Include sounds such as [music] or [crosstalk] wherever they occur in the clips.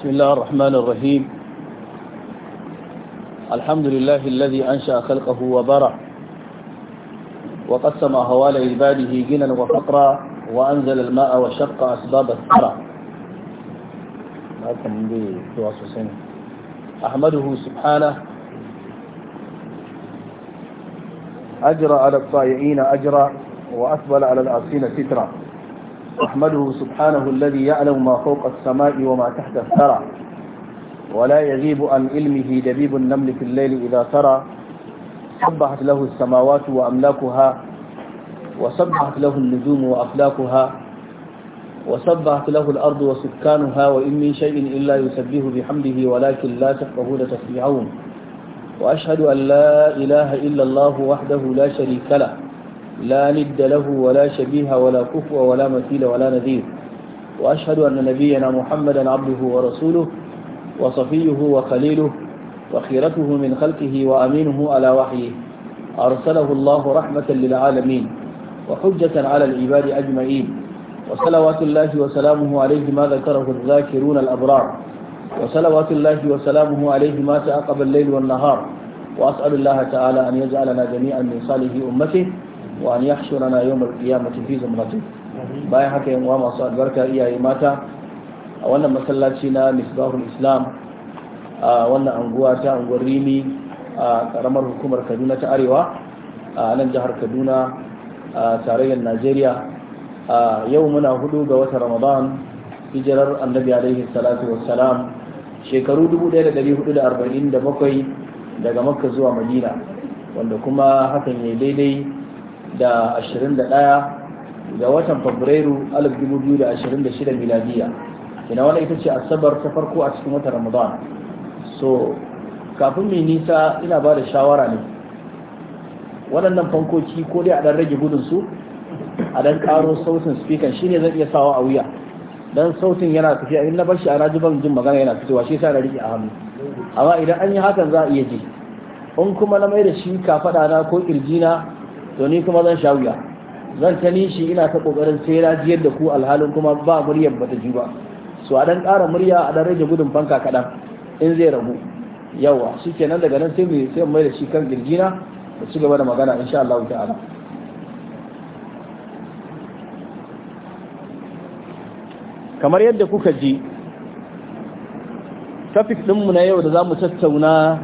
بسم الله الرحمن الرحيم الحمد لله الذي أنشأ خلقه وبرع وقسم أهوال عباده جنا وفقرا وأنزل الماء وشق أسباب الثرى أحمده سبحانه أجرى على الطائعين أجرا وأثبل على العصين سترا أحمده سبحانه الذي يعلم ما فوق السماء وما تحت الثرى ولا يغيب عن علمه دبيب النمل في الليل إذا ترى سبحت له السماوات وأملاكها وسبحت له النجوم وأفلاكها وسبحت له الأرض وسكانها وإن من شيء إلا يسبه بحمده ولكن لا تفقهون تسبيحهم وأشهد أن لا إله إلا الله وحده لا شريك له لا ند له ولا شبيه ولا كفو ولا مثيل ولا نذير وأشهد أن نبينا محمدا عبده ورسوله وصفيه وخليله وخيرته من خلقه وأمينه على وحيه أرسله الله رحمة للعالمين وحجة على العباد أجمعين وصلوات الله وسلامه عليه ما ذكره الذاكرون الأبرار وصلوات الله وسلامه عليه ما تأقب الليل والنهار وأسأل الله تعالى أن يجعلنا جميعا من صالح أمته wa an yahshurana yawmal qiyamati fi zumratin bayan haka yan uwa masu albarka iyaye mata a wannan masallaci na misbahul islam a wannan anguwa ta unguwar rimi a karamar hukumar kaduna ta arewa a nan jihar kaduna a tarayyar najeriya a yau muna hudu ga wata ramadan hijirar annabi alaihi salatu wassalam shekaru 1447 daga makka zuwa madina wanda kuma hakan ya daidai da 21 ga watan fabrairu 2026 miladiya ina wani ita ce asabar ta farko a cikin watan ramadan so kafin mai nisa ina ba da shawara ne waɗannan fankoki ko dai a ɗan rage gudunsu a ɗan ƙaro sautin speaker shine zan iya sawa a wuya dan sautin yana tafiya in na bar shi a ban jin magana yana fitowa shi yasa na riƙe a hannu amma idan an yi hakan za a iya ji in kuma na mai da shi kafaɗa na ko ƙirji na to ni kuma zan sha wuya zan ta nishi ina ta kokarin sai jiyar da ku alhalin kuma ba muryar bata ji ba so a dan ƙara murya a dan rage gudun fanka kaɗan in zai rabu yawa nan daga nan sai mu sai mai da shi kan girgina da ci gaba da magana insha Allah ta'ala kamar yadda kuka ji topic ɗinmu na yau da za mu tattauna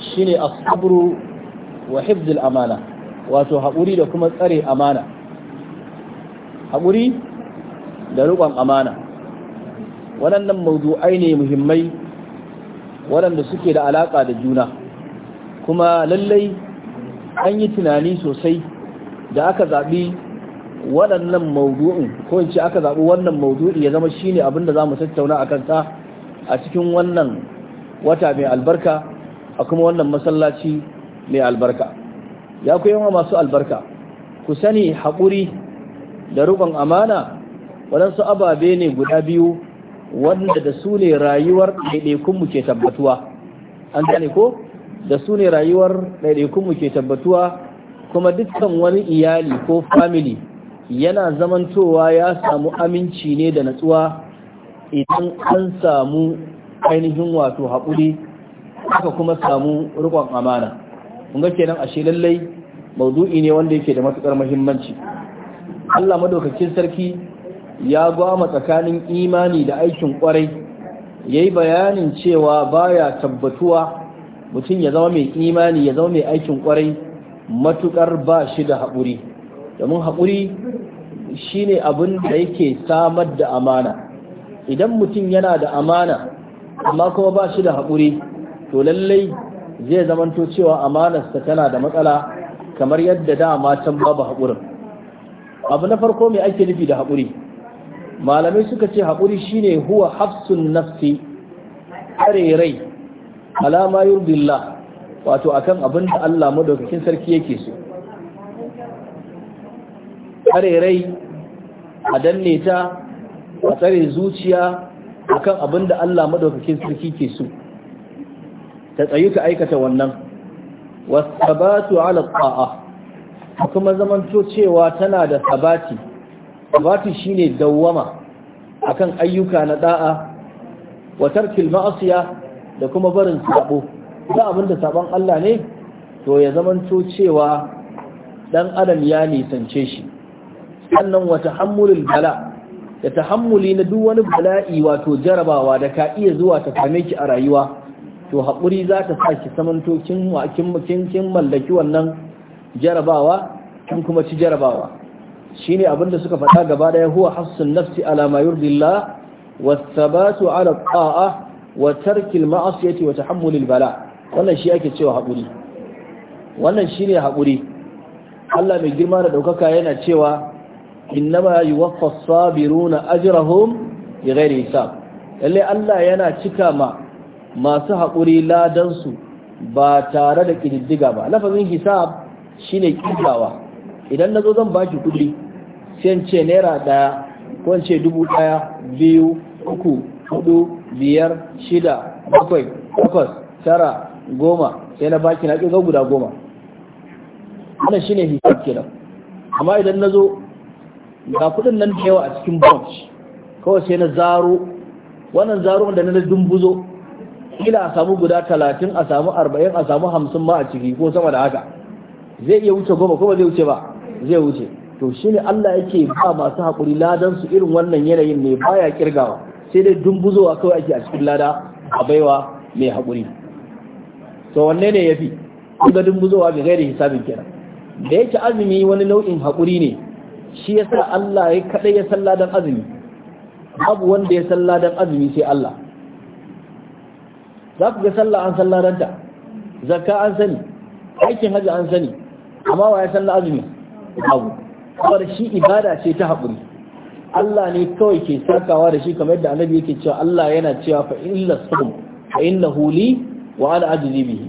shine asabru wa hibzul amana wato haƙuri da kuma tsare amana haƙuri da riƙon amana waɗannan mawdu'ai ne muhimmai waɗanda suke da alaƙa da juna kuma lallai an yi tunani sosai da aka zaɓi waɗannan mawdu'in ko in ce aka zaɓi wannan mawdu'i ya zama shine abin da za mu tattauna a kansa a cikin wannan wata mai albarka a kuma wannan masallaci mai albarka ya ku yi masu albarka ku sani haƙuri da riƙon amana waɗansu ababe ne guda biyu wanda da su ne rayuwar ɗaiɗaikunmu ke tabbatuwa an gane ko da su ne rayuwar ɗaiɗaikunmu ke tabbatuwa kuma dukkan wani iyali ko famili yana zamantowa ya samu aminci ne da natsuwa idan an samu ainihin wato haƙuri aka kuma samu riƙon amana mun ga kenan ashe lallai maudu'i ne wanda yake da matukar muhimmanci Allah madaukakin sarki ya gwama tsakanin imani da aikin kwarai yayi bayanin cewa baya tabbatuwa mutum ya zama mai imani ya zama mai aikin kwarai matukar ba shi da haƙuri domin haƙuri shine abin da yake samar da amana idan mutum yana da amana amma kuma ba shi da haƙuri to lallai zai zamanto cewa amanarsa tana da matsala kamar yadda dama can babu haƙurin abu na farko mai ake nufi da haƙuri malamai suka ce haƙuri shine huwa hafsun nafsi kare rai alama yurdillah wato akan abin da Allah madaukakin sarki yake so kare rai a danne ta a tsare zuciya akan abin da Allah madaukakin sarki ke so ta tsayu ka aikata wannan wasabatu ala ta'a kuma to cewa tana da sabati sabati shine dawwama akan ayyuka na da'a wa tarkil ma'siya da kuma barin sabo da abinda saban Allah ne to ya to cewa dan adam ya nisance shi sannan wa tahammulul bala da tahammuli na duk wani bala'i wato jarabawa da ka iya zuwa ta same ki a rayuwa to haƙuri za ta sa ki samanto kin mallaki wannan jarabawa kin kuma ci jarabawa Shi ne abinda suka faɗa gaba ɗaya huwa hassun nafsi ala ma yurdillah wasabatu ala ta'a wa tarkil ma'asiyati wa tahammulil bala wannan shi ake cewa haƙuri wannan shine haƙuri Allah mai girma da ɗaukaka yana cewa innama yuwaffas sabiruna ya gairi hisab Lallai Allah yana cika ma masu haƙuri ladansu ba tare da ƙididdiga ba lafazin hisab shi ne ƙidawa idan na zo zan baki kuɗi sai ce naira ɗaya ko ce dubu ɗaya biyu uku hudu biyar shida bakwai takwas tara goma sai na baki na ƙirga guda goma wannan shi ne hisab kenan amma idan na zo ga kuɗin nan da yawa a cikin bunch kawai sai na zaro wannan zaro da na dumbuzo ila a samu guda talatin a samu arba'in a samu hamsin ma a ciki ko sama da haka zai iya wuce goma kuma zai wuce ba zai wuce to shi ne Allah yake ba masu haƙuri ladan su irin wannan yanayin ne baya kirgawa sai dai dumbuzowa kawai ake a cikin lada a baiwa mai haƙuri to wanne ne yafi kun ga dumbuzowa ga gairi hisabin kenan da yake azumi wani nau'in haƙuri ne shi yasa Allah ya kaɗai ya san ladan azumi babu wanda ya san ladan azumi sai Allah za ku ga sallah an san ranta zakka an sani aikin hajji an sani amma wa ya san azumi abu kawar shi ibada ce ta haƙuri Allah ne kawai ke sakawa da shi kamar yadda annabi yake cewa Allah yana cewa fa illa sum fa inna huli wa ala ajzi bihi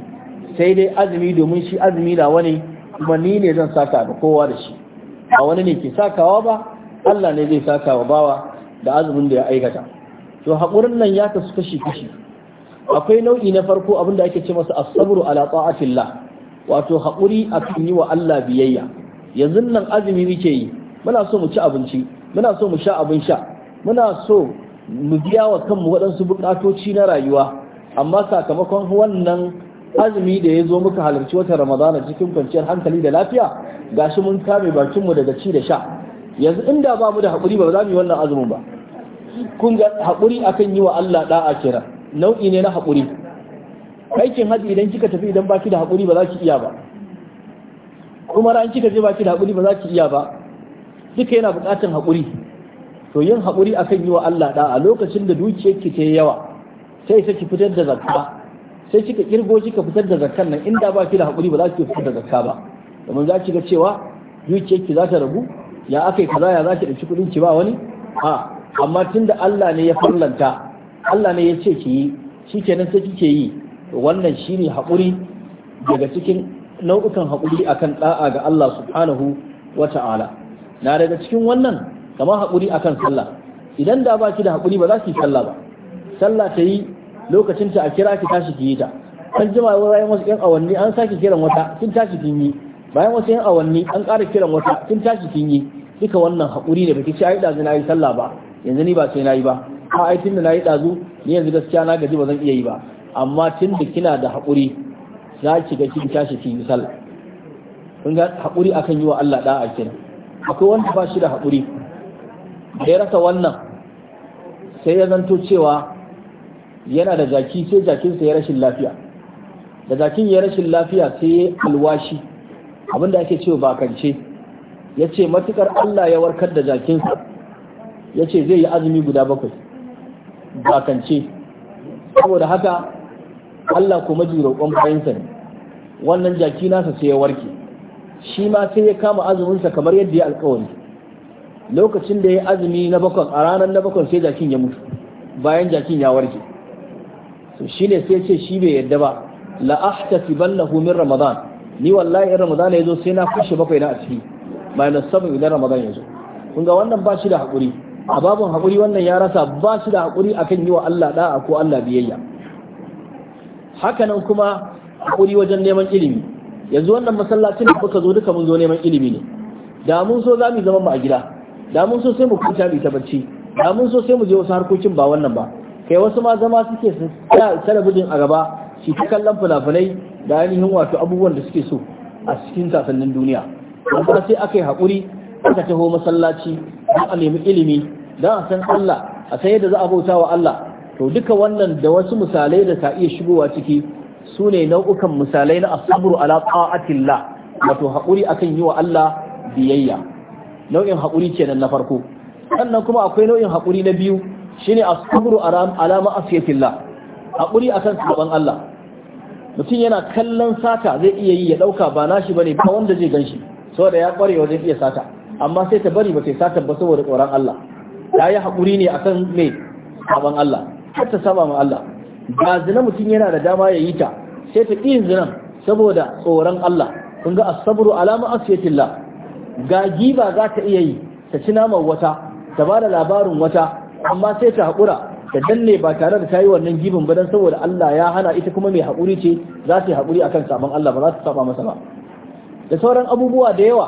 sai dai azumi domin shi azumi na wani kuma ni ne zan saka da kowa da shi a wani ne ke sakawa ba Allah ne zai sakawa bawa da azumin da ya aikata to haƙurin nan ya kasu kashi kashi akwai nau'i na farko abinda ake ce masa as-sabru ala ta'atillah wato haƙuri akan yi wa Allah biyayya yanzu nan azumi muke yi muna so mu ci abinci muna so mu sha abin sha muna so mu biya wa kanmu waɗansu buƙatoci na rayuwa amma sakamakon wannan azumi da ya zo muka halarci wata ramadana cikin kwanciyar hankali da lafiya gashi mun kame mu daga ci da sha yanzu inda ba mu da haƙuri ba za mu yi wannan azumin ba kun ga haƙuri akan yi wa Allah da'a kiran nau'i ne na haƙuri aikin haji idan kika tafi idan baki da haƙuri ba za ki iya ba kuma ran kika je baki da haƙuri ba za ki iya ba duka yana buƙatar haƙuri to yin haƙuri akan yi wa Allah a lokacin da ki ta yawa sai sai ki fitar da zakka sai kika kirgo kika fitar da zakkan nan inda baki da haƙuri ba za ki fitar da zakka ba domin za ki ga cewa dukiyarki za ta ragu ya akai kaza ya za ki ɗauki kuɗin ki ba wani a amma tunda Allah ne ya farlanta Allah ne ya ce ki yi shi nan sai kike yi wannan shi ne haƙuri daga cikin nau'ukan haƙuri akan ɗa'a ga Allah subhanahu ta'ala na daga cikin wannan kama haƙuri akan sallah idan da baki da haƙuri ba za ki sallah ba sallah ta yi lokacin ta a kira ki tashi ki yi ta an jima bayan wasu yan awanni an sake kiran wata kin tashi kin yi bayan wasu yan awanni an ƙara kiran wata kin tashi kin yi duka wannan haƙuri ne baki ci ai da na yi sallah ba yanzu ni ba sai na yi ba ka ai tun da na yi ɗazu ni yanzu gaskiya na gaji ba zan iya yi ba amma tun da kina da haƙuri za ki ga kin tashi ki yi sallah kun ga haƙuri akan yi wa Allah da'a kenan akwai wanda ba shi da haƙuri da ya rasa wannan sai ya zanto cewa yana da jaki sai jakinsa ya rashin lafiya da jakin ya rashin lafiya sai ya alwashi abinda ake cewa bakance ya ce matukar Allah ya warkar da jakinsa ya ce zai yi azumi guda bakwai bakance saboda haka Allah kuma ji roƙon bayansa ne wannan jaki nasa sai ya warke shi ma sai ya kama azuminsa kamar yadda ya alkawari lokacin da ya azumi na bakon a ranar na bakon sai jakin ya mutu bayan jakin ya warke to shine sai ce shi bai yadda ba la ballahu min ramadan ni wallahi in ramadan ya zo sai na kashe bakwai na a ciki minus idan ramadan ya zo kun ga wannan ba shi da haƙuri a babun haƙuri wannan ya rasa ba su da haƙuri kan yi wa Allah da'a ko Allah biyayya hakanan kuma haƙuri wajen neman ilimi yanzu wannan masallacin da kuka zo duka mun zo neman ilimi ne da mun so za mu zama mu a gida da mun so sai mu kwanta mu ta bacci da mun so sai mu je wasu harkokin ba wannan ba kai wasu ma zama suke su talabijin a gaba shi ta kallon finai da ainihin wato abubuwan da suke so a cikin sasannin duniya amma sai aka yi haƙuri aka taho masallaci don a nemi ilimi don a san Allah a san yadda za a bauta wa Allah to duka wannan da wasu misalai da ka iya shigowa ciki su ne nau'ukan misalai na asabru ala ta'atillah wato haƙuri akan yi wa Allah biyayya nau'in haƙuri kenan na farko sannan kuma akwai nau'in haƙuri na biyu shine asabru ala ma'asiyatillah haƙuri akan saban Allah mutum yana kallon sata zai iya yi ya ɗauka ba nashi bane ba wanda zai ganshi saboda ya ƙware wajen iya sata amma sai ta bari ba sai sata ba saboda tsoron Allah ya yi haƙuri ne akan mai saban Allah har ta saba ma Allah ba zina mutum yana da dama ya yi ta sai ta ƙi zina saboda tsoron Allah kun ga asabru alama asiyatillah ga giba za ta iya yi ta ci naman wata ta ba da labarin wata amma sai ta haƙura ta danne ba tare da ta yi wannan gibin ba don saboda Allah ya hana ita kuma mai haƙuri ce za ta yi haƙuri akan saban Allah ba za ta saba masa ba da sauran abubuwa da yawa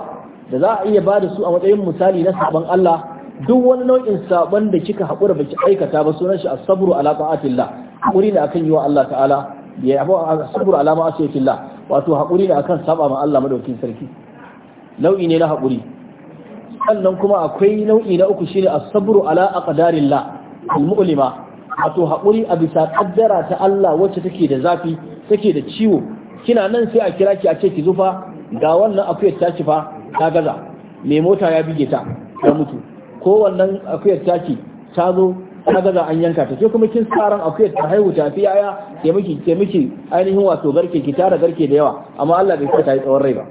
da za a iya ba da su a matsayin misali na saban Allah duk wani nau'in saban da kika haƙura baki aikata ba sunan shi as-sabru ala ta'atillah hakuri ne akan yi Allah ta'ala ya yabo as-sabru ala ma'asiyatillah wato hakuri ne akan saba ma Allah madaukin sarki nau'i ne na hakuri sannan kuma akwai nau'i na uku shine as-sabru ala aqdarillah al-mu'lima wato haƙuri a bisa kaddara ta Allah wacce take da zafi take da ciwo kina nan sai a kira ki a ce ki zufa ga wannan akwai ta cifa fa ta gaza mai mota ya bige ta ya mutu ko wannan akuyar taki ta zo ta gaza an yanka ta ce kuma kin tsaron akuyar ta haihu ta fi yaya ke miki ke miki ainihin wato garke ki tara garke da yawa amma Allah bai sa ta yi tsawon rai ba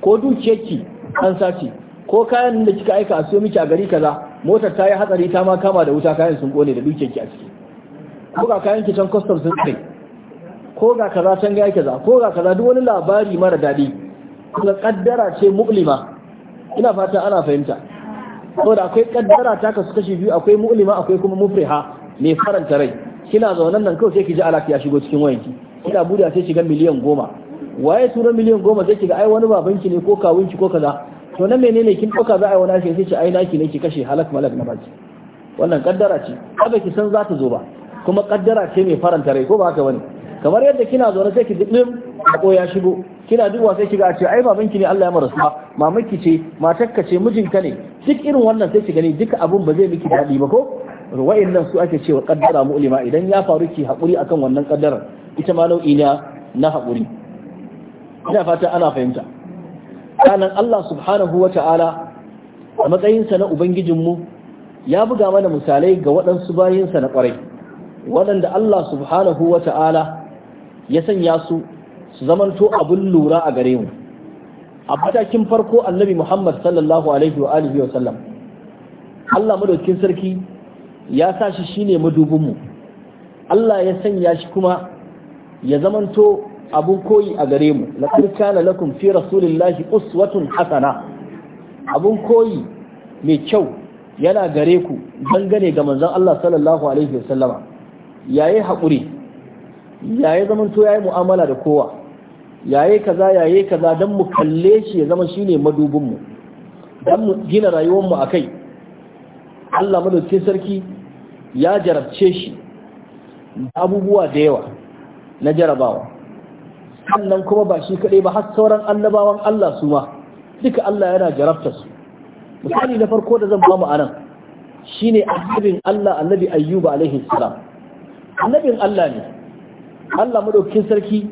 ko dukiyarki an sace ko kayan da kika aika a siyo miki a gari kaza motar ta yi hatsari ta ma kama da wuta kayan sun kone da dukiyarki a ciki ko ga kayan ki can sun kai ko ga kaza can ga kaza ko ga kaza duk wani labari mara daɗi kuma kaddara ce mu'lima ina fata ana fahimta saboda akwai kaddara ta kasu kashi biyu akwai mu'lima akwai kuma mufriha mai faranta rai kina zaunan nan kawai sai ki ji alaka ya shigo cikin wayanki kina buda sai shiga miliyan goma waye tura miliyan goma sai shiga, ai wani babanki ne ko kawunki ko kaza to na menene kin ɗauka za a yi wani ake sai ce ai naki ne ki kashe halak malak na baki wannan kaddara ce kada ki san za ta zo ba kuma kaddara ce mai faranta rai ko ba haka bane kamar yadda kina zaune sai ki ɗin ko ya shigo kina duba sai kiga a ce ai babanki ne Allah ya rasuwa mamaki ce matakka ce mijinka ne duk irin wannan sai ki gani duka abun ba zai miki daɗi ba ko wa'annan su ake cewa kaddara mu'lima idan ya faru ki haƙuri akan wannan kaddarar ita ma nau'i na na haƙuri ina fata ana fahimta kanan Allah subhanahu wa ta'ala a matsayinsa na Ubangijin mu ya buga mana misalai ga waɗansu bayinsa na ƙwarai waɗanda Allah subhanahu wa ta'ala ya sanya su su zamanto abun lura a gare mu a matakin farko annabi Muhammad sallallahu alaihi wa alihi Allah madaukin sarki ya sa shi shine madubin mu Allah ya sanya shi kuma ya zamanto abun koyi a gare mu laqad kana lakum fi rasulillahi uswatun hasana abun koyi mai kyau yana gare ku dangane ga manzon Allah sallallahu alaihi wa yayi hakuri yayi zamanto yayi mu'amala da kowa yaye kaza yaye kaza don mu kalle shi ya zama shine madubinmu don mu gina rayuwar a kai allah madaukin sarki ya jarabce shi abubuwa da yawa na jarabawa sannan kuma ba shi kaɗai ba har sauran annabawan allah su ma duka allah yana jarabta su misali na farko da zan bamu anan shine annabin allah annabi ayyuba alaihi salam annabin allah ne allah madaukin sarki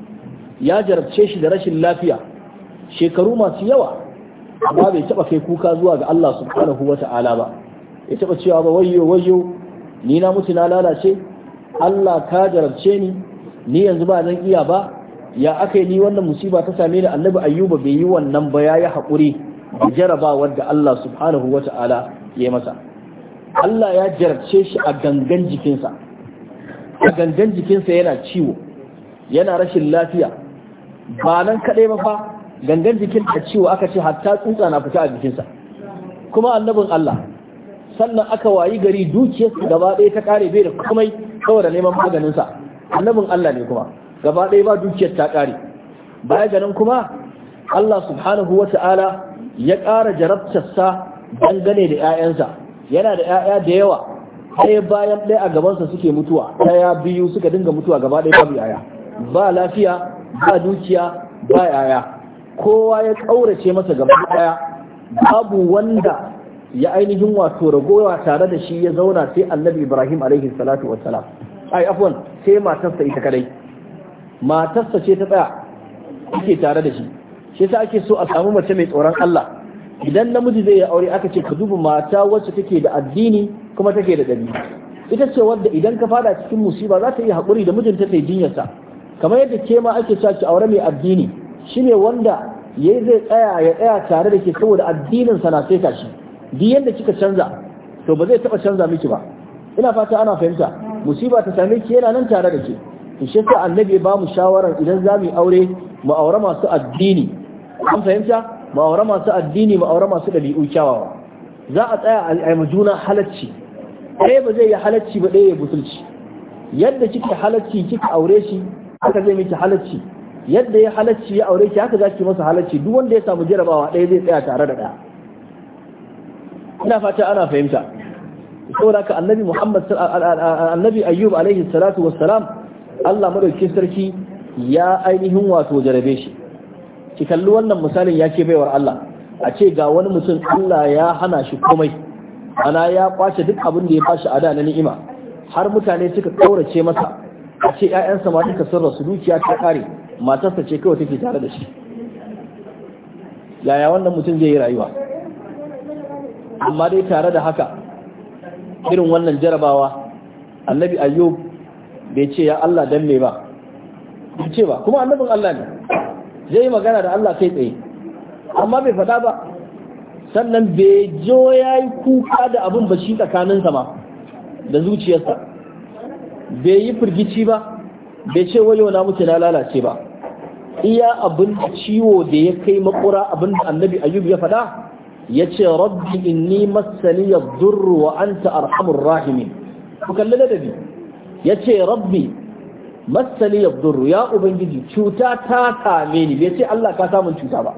ya jarabce shi da rashin lafiya shekaru masu yawa amma bai taba kai kuka zuwa ga Allah subhanahu wa ta'ala ba ya taba cewa ba wayyo wayyo ni na mutu na lalace Allah ka jarabce ni ni yanzu ba zan iya ba ya aka ni wannan musiba ta same ni annabi ayyuba bai yi wannan ba yayi hakuri da jarabawar da Allah subhanahu wa ta'ala ya masa Allah ya jarabce shi a gangan jikinsa a gangan jikinsa yana ciwo yana rashin lafiya ba nan kaɗai ba fa gangan jikin da ciwo aka ce hatta tsutsa na fita a jikinsa kuma annabin Allah sannan aka wayi gari dukiyarsa gaba ɗaya ta ƙare bai da komai saboda neman maganinsa annabin Allah ne kuma gaba ɗaya ba dukiyar ta ƙare baya ganin kuma Allah subhanahu wa ta'ala ya ƙara jarabtarsa dangane da 'ya'yansa yana da 'ya'ya da yawa ɗaya bayan ɗaya a gabansa suke mutuwa ɗaya biyu suka dinga mutuwa gaba ɗaya babu 'ya'ya ba lafiya ba dukiya ba yaya kowa ya ƙaurace masa gaba ɗaya babu wanda ya ainihin wato ragowa tare da shi ya zauna sai annabi ibrahim alaihi salatu wassalam ai afwan sai matarsa ita kadai matarsa ce ta tsaya ake tare da shi shi yasa ake so a samu mace mai tsoron Allah idan namiji zai yi aure aka ce ka duba mata wacce take da addini kuma take da dabi'a ita ce wadda idan ka fada cikin musiba za ta yi haƙuri da mijinta ta yi jinyarsa kamar yadda ke ma ake cewa ki aure mai addini shine wanda yayi zai tsaya ya tsaya tare da ke saboda addinin sa na sai ka shi duk yanda kika canza to ba zai taba canza miki ba ina fata ana fahimta musiba ta same ki yana nan tare da ke to shi yasa annabi ba mu shawarar idan za mu aure mu aure masu addini an fahimta mu aure masu addini mu aure masu dabi'u kyawawa za a tsaya a yi juna halacci ɗaya ba zai yi halacci ba ɗaya ya butulci yadda kika halacci kika aure shi haka zai miki halacci yadda ya halacci ya aure ki haka zaki masa halacci duk wanda ya samu jarabawa ɗaya zai tsaya tare da ɗaya ina fata ana fahimta saboda ka annabi Muhammad annabi Ayyub alaihi salatu wassalam Allah madaukakin sarki ya ainihin wato jarabe shi ki kalli wannan misalin ya ke baiwar Allah a ce ga wani mutum Allah ya hana shi komai ana ya kwace duk abin da ya bashi a da na ni'ima har mutane suka kaurace masa a ce ƴaƴansa ma duka sun rasu dukiya ta ƙare. matarsa ce kawai take tare da shi yaya wannan mutum zai yi rayuwa amma dai tare da haka irin wannan jarabawa annabi ayyub bai ce ya Allah dan me ba bai ce ba kuma annabin Allah ne zai yi magana da Allah kai tsaye amma bai faɗa ba sannan bai jo ya yi kuka da abin ba shi tsakaninsa ma da zuciyarsa bai yi firgici ba bai ce wayo na muke na lalace ba iya abin ciwo da ya kai makura abin da annabi ayyub ya faɗa ya ce rabbi inni masani ya zurru wa anta arhamur rahimin ku kalli ladabi ya ce rabbi masani ya zurru ya ubangiji cuta ta same ni bai ce Allah ka samun cuta ba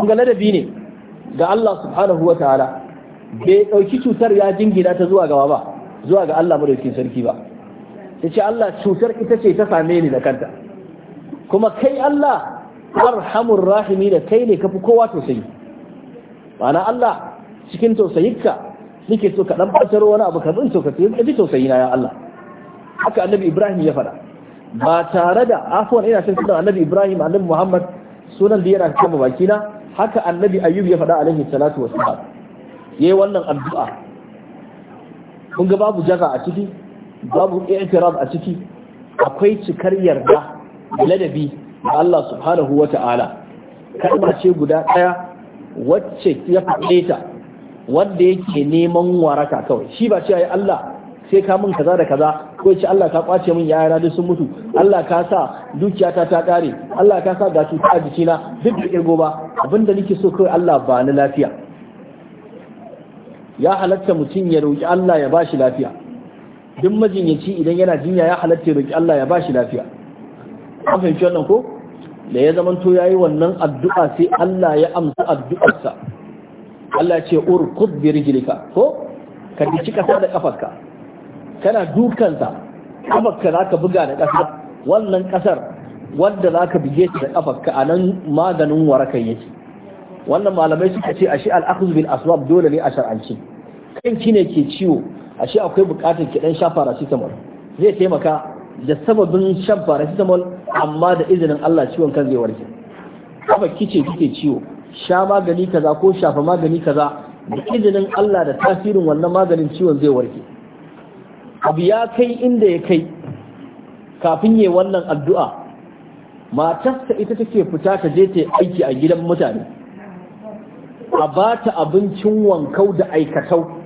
kun ladabi ne ga Allah subhanahu wa ta'ala bai ɗauki cutar ya jingina ta zuwa gaba ba zuwa ga Allah madaukin sarki ba ya ce Allah cutar ita ce ta same ni da kanta kuma kai Allah arhamur rahimi da kai ne kafi kowa tausayi ma'ana Allah cikin tausayinka nake so ka dan batar wani abu ka bin so ka tausayi na ya Allah haka annabi Ibrahim ya faɗa ba tare da afwan ina cin sunan annabi Ibrahim annabi Muhammad sunan da yana kama bakina haka annabi Ayyub ya faɗa alaihi salatu wassalam yayi wannan addu'a kun ga babu jaza a ciki babu kiras a ciki akwai cikar yarda ladabi da Allah subhanahu wata'ala kalma ce guda ɗaya. wacce ya faɗe ta wanda yake neman waraka kawai shi ba ce ai Allah sai ka mun kaza da kaza ko ce Allah ka kwace min yayana duk sun mutu Allah ka sa dukiyata ta kare Allah ka sa ga cuta a na. duk da kirgo ba abinda nake so kawai Allah ba ni lafiya ya halatta mutum ya roki Allah ya ba shi lafiya duk majinyaci idan yana jinya ya halatta roki Allah ya bashi lafiya an fahimci wannan ko da ya zaman to yayi wannan addu'a sai Allah ya amsa addu'arsa Allah ce urqud bi rijlika ko ka dici kasa da kafarka kana dukansa kafarka zaka buga da kasa wannan kasar wanda zaka bige ta da kafarka anan maganin warakan yake wannan malamai suka ce ashe al-akhdh bil dole ne a shar'anci ki ne ke ciwo ashe akwai bukatar ki dan sha paracetamol zai taimaka da sababin shan paracetamol amma da izinin Allah ciwon kan zai warke kafa kice kike ciwo sha magani kaza ko shafa magani kaza da izinin Allah da tasirin wannan maganin ciwon zai warke abu ya kai inda ya kai kafin yi wannan addu'a matarsa ita take fita ta je ta aiki a gidan mutane a ba ta abincin wankau da aikatau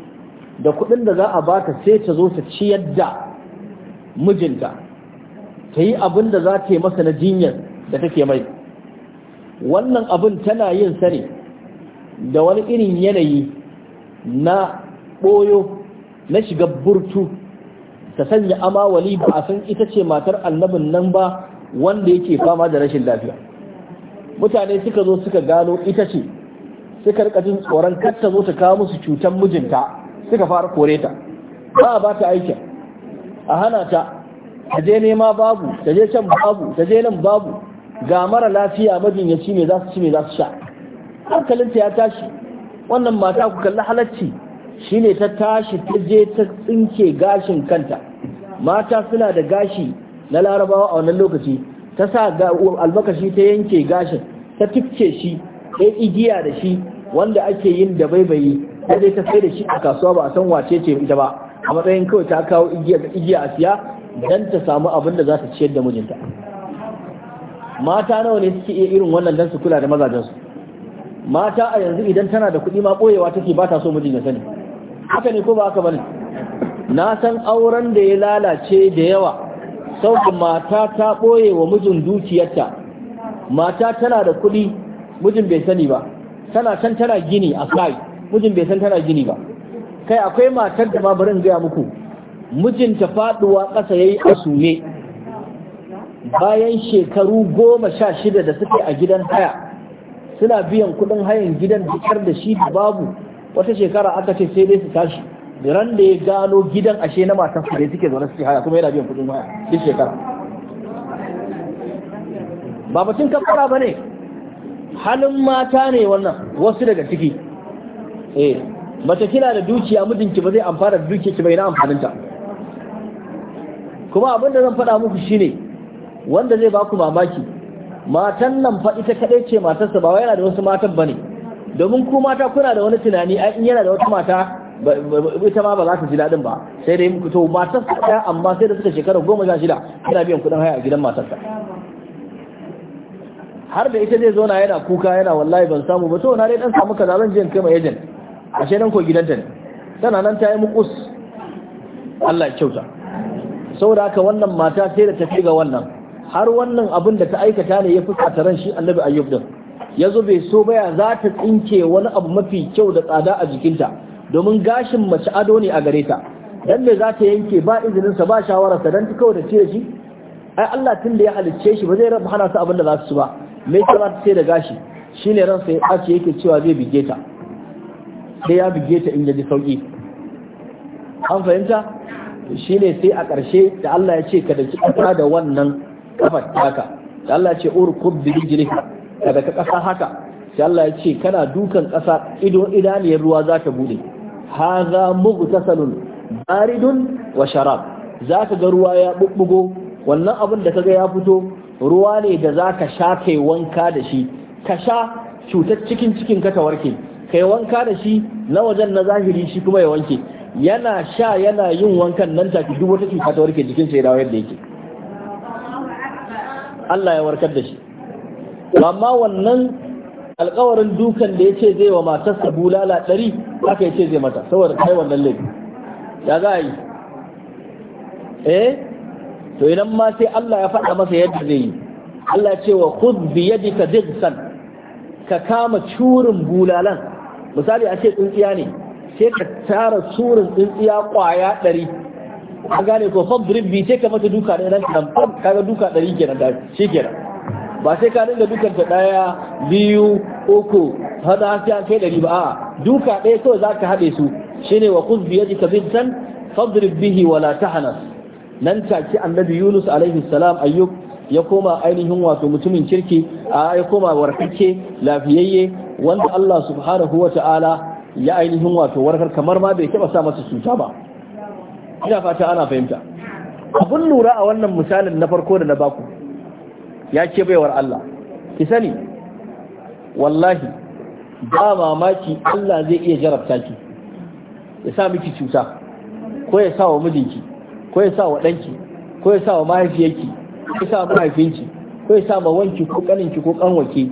da kuɗin da za a bata sai ta zo ta ciyar da mijinta ta yi abin da za ta yi masa na jinyar da take mai wannan abin tana yin sani da wani irin yanayi na ɓoyo na shiga burtu ta sanya amawali ba a san ita ce matar annabin nan ba wanda yake fama da rashin lafiya mutane suka zo suka gano ita ce suka rika tsoron kar ta zo ta kawo musu cutar mijinta suka fara kore ta ba a ba ta aikin a hana ta ta je nema babu ta je can babu ta je nan babu ga mara lafiya majinyaci mai za su ci mai za su sha hankalinta ya tashi wannan mata ku kalli halacci ne ta tashi ta je ta tsinke gashin kanta mata suna da gashi na larabawa a wannan lokaci ta sa albakashi ta yanke gashin ta tifce shi ta igiya da shi wanda ake yin da baibayi ta dai ta sai da shi a kasuwa ba a san wace ce ita ba a matsayin kawai ta kawo igiya a siya don ta samu abin da za ta ciyar da mijinta mata nawa ne suke iya irin wannan don su kula da mazajensu mata a yanzu idan tana da kuɗi ma ɓoyewa take ba ta so mijin ya sani haka ne ko ba haka bane na san auren da ya lalace da yawa sauƙin mata ta ɓoye wa mijin dukiyarta mata tana da kuɗi mijin bai sani ba tana can tana gini a sai mijin bai san tana gini ba kai akwai matar da ma bari in gaya muku mijinta faduwa ƙasa yayi asume bayan shekaru goma sha shida da suke a gidan haya suna biyan kudin hayan gidan dukar da shi da babu wata shekara aka ce sai dai su tashi ran da ya gano gidan ashe na matan su da suke zaune suke haya kuma yana biyan kudin haya shekara ba batun kafara ba ne halin mata ne wannan wasu daga ciki eh mace kina da dukiya mijinki ba zai amfana da dukiyarki ba na amfaninta kuma abin da zan faɗa muku shine wanda zai baku mamaki matan nan fa ita kaɗai ce matarsa ba yana da wasu matan bane domin ku mata kuna da wani tunani ai in yana da wata mata ita ma ba za ta ji daɗin ba sai dai to matarsa ɗaya amma sai da suka shekara goma sha shida yana biyan kuɗin haya a gidan matarsa har da ita zai zauna yana kuka yana wallahi ban samu ba to na dai dan samu kaza zan je in kai ma ejen ashe nan ko gidanta ne tana nan ta yi mukus Allah ya kyauta saboda haka wannan mata sai da tafi ga wannan har wannan abin da ta aikata ne ya fi ran shi annabi ayyub din yazo bai so baya za ta tsinke wani abu mafi kyau da tsada a jikinta domin gashin mace ado ne a gare ta dan me za ta yanke ba izinin sa ba shawara sa dan ta kawai da ce shi ai Allah tun da ya halicce shi ba zai rabu hana su abin da za su ba mai ta ba da gashi Shi ne ransa ya ɓace yake cewa zai bige ta sai ya bige ta in ji sauki an fahimta ne sai a ƙarshe da Allah ya ce ka da kika da wannan kafar taka da Allah ya ce kub bi rijlika kada ka ƙasa haka sai Allah ya ce kana dukan ƙasa ido idaniyar ruwa za ta bude haza mugtasalun baridun wa sharab za ka ga ruwa ya bubbugo wannan abin da kaga ya fito ruwa ne da za ka sha kai wanka da shi ka sha cutar cikin cikin ka ta warke kai wanka da shi na wajen na zahiri shi kuma ya wanke yana sha yana yin wankan nan take duk wata cuta ta warke jikin sa da dawo yadda yake Allah ya warkar da shi amma wannan alkawarin dukan da yace zai wa matarsa bulala ɗari aka yace ce zai mata saboda kai wannan laifi ya za yi eh to idan ma sai Allah ya faɗa masa yadda zai yi Allah ce wa khudh bi yadika dighsan ka kama curin bulalan misali a ce tsintsiya ne sai ka tara curin tsintsiya kwaya ɗari an gane ko fadrib bi sai ka mata duka da nan kan ga duka ɗari kenan da shi kenan ba sai ka dinga dukan ta ɗaya biyu uku hada sai an kai ɗari ba a'a duka ɗaya kawai ka haɗe su shine wa khudh bi yadika dighsan fadrib bihi wala tahnas nan take annabi Yunus alaihi salam ayyub ya koma ainihin wato mutumin kirki a ya koma warkake lafiyayye wanda Allah subhanahu wa ta'ala ya ainihin wato warkar kamar ma bai taba sa masa cuta ba ina fata ana fahimta abun lura a wannan misalin na farko da na baku ya ce baiwar Allah ki sani wallahi ba mamaki Allah zai iya jarabta ki ya sa miki cuta ko ya sa wa mijinki ko ya sa wa ɗanki ko ya sa wa mahaifiyarki ko ya sa wa mahaifinki ko ya sa ma wanki ko kaninki ko kanwaki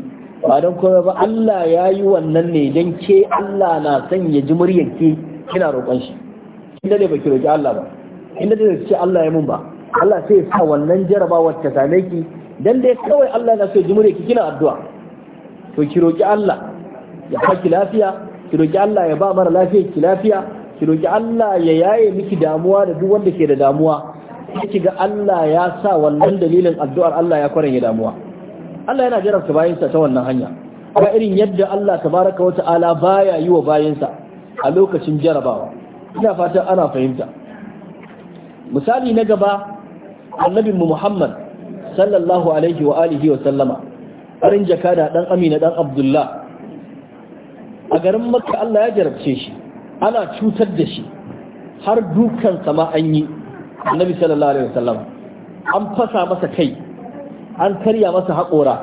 ba don kuma ba Allah ya yi wannan ne don ke Allah na son ya ji muryarki kina roƙon shi inda dai baki roƙi Allah ba inda dai ce Allah ya mun ba Allah sai ya sa wannan jarabawar ta same ki dan dai kawai Allah na so ya ji muryarki kina addu'a to ki roƙi Allah ya baki lafiya ki roƙi Allah ya ba mara lafiya ki lafiya ki roki Allah ya yaye miki damuwa da duk wanda ke da damuwa ki ga Allah ya sa wannan dalilin addu'ar Allah ya ya damuwa Allah yana jarabta bayansa ta wannan hanya ga irin yadda Allah tabaraka wa ta'ala baya yi wa bayansa a lokacin jarabawa ina fatan ana fahimta misali na gaba annabi Muhammad sallallahu alaihi wa alihi wa sallama farin jakada dan Amina dan Abdullah a garin Makka Allah ya jarabce shi ana cutar da shi har dukan sama an yi annabi sallallahu alaihi wasallam an fasa masa kai an karya masa haƙora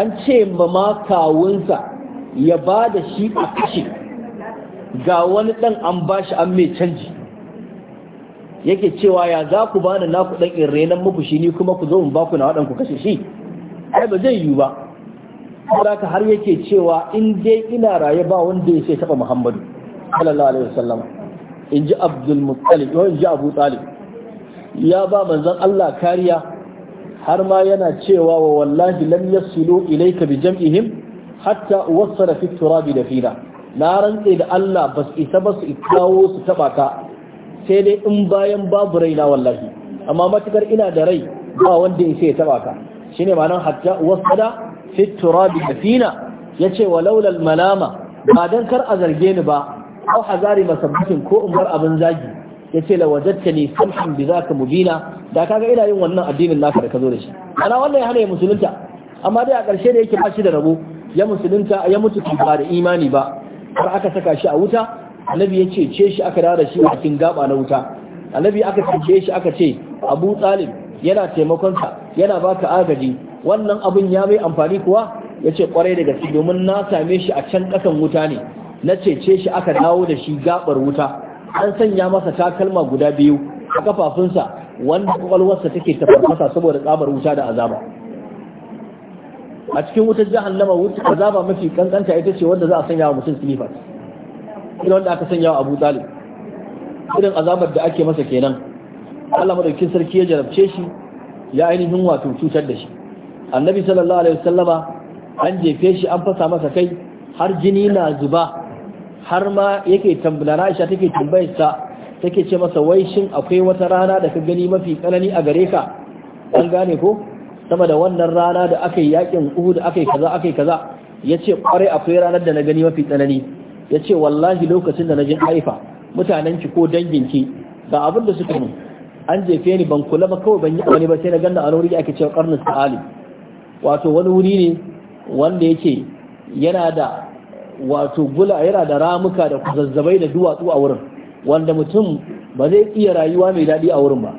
an ce ma makawunsa ya ba da shi a kashe ga wani ɗan an ba shi an mai canji yake cewa ya za ku bani naku ɗan in renan muku shi ni kuma ku zo in ku na ku kashe shi ai ba zai yiwu ba saboda har yake cewa in dai ina raye ba wanda ya ce taɓa muhammadu sallallahu alaihi wasallam in abdul muttalib ko abu talib ya ba manzon Allah kariya har ma yana cewa wa wallahi lam yasilu ilayka bi jam'ihim hatta wassara fi turabi da fina na rantse da Allah ba su isa ba su kawo su taba ka sai dai in bayan babu raina wallahi amma matukar ina da rai ba wanda ya sai ya taba ka shine ma'anar hatta wassara fi turabi da fina yace wa laulal malama ba dan kar a zarge ni ba aw hazari masabbatin ko umar abin zagi yace la ne, sulhan bi zaka mubina da kaga ina yin wannan addinin naka da kazo da shi ana wannan ya hana musulunta amma dai a ƙarshe da yake bashi da rabo ya musulunta ya mutu ba da imani ba har aka saka shi a wuta annabi ya cece shi aka dara shi a cikin gaba na wuta annabi aka cece shi aka ce abu talib yana taimakonsa yana baka agaji wannan abun ya mai amfani kuwa ya ce kwarai daga gaske domin na same shi a can ƙasan wuta ne na cece shi aka dawo da shi gabar wuta an sanya masa takalma guda biyu a kafafunsa wanda kwalwarsa take tafarfasa saboda tsabar wuta da azaba a cikin wutar jahannama wuta azaba mafi kankanta ita ce wanda za a sanya wa mutum silifas irin wanda aka sanya wa abu talib irin azabar da ake masa kenan Allah madaukin sarki ya jarabce shi ya ainihin wato cutar da shi annabi sallallahu alaihi wasallama an jefe shi an fasa masa kai har jini na zuba har ma yake tambala Aisha take tambayar sa take ce masa wai shin akwai wata rana da ka gani mafi tsanani a gare ka an gane ko sama da wannan rana da aka yakin Uhud aka yi kaza aka yi kaza yace kware akwai ranar da na gani mafi tsanani yace wallahi lokacin da na je Haifa mutanen ki ko dangin ki ga abin da suka mun an jefe ni ban kula ba kawai ban yi wani ba sai na ganna a wuri ake cewa karnin sa'ali wato wani wuri ne wanda yake yana da wato gula yana da ramuka da zazzabai da duwatsu a wurin wanda mutum ba zai iya rayuwa mai daɗi a wurin ba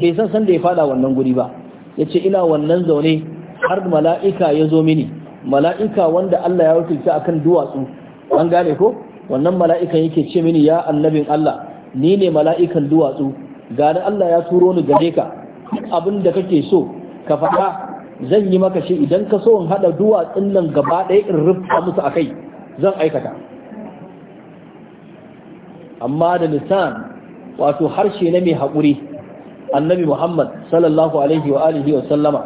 bai san san da ya fada wannan guri ba ya ce ina wannan zaune har mala'ika ya zo mini mala'ika wanda Allah ya wakilta akan duwatsu an gane ko wannan mala'ikan yake ce mini ya annabin Allah ni ne mala'ikan duwatsu da Allah ya turo ni gare ka abin da kake so ka faɗa zan yi maka shi idan ka so in haɗa duwatsun nan gaba ɗaya in rufa musu akai zan aikata amma da lisan wato harshe na mai haƙuri annabi muhammad sallallahu alaihi wa alihi wa sallama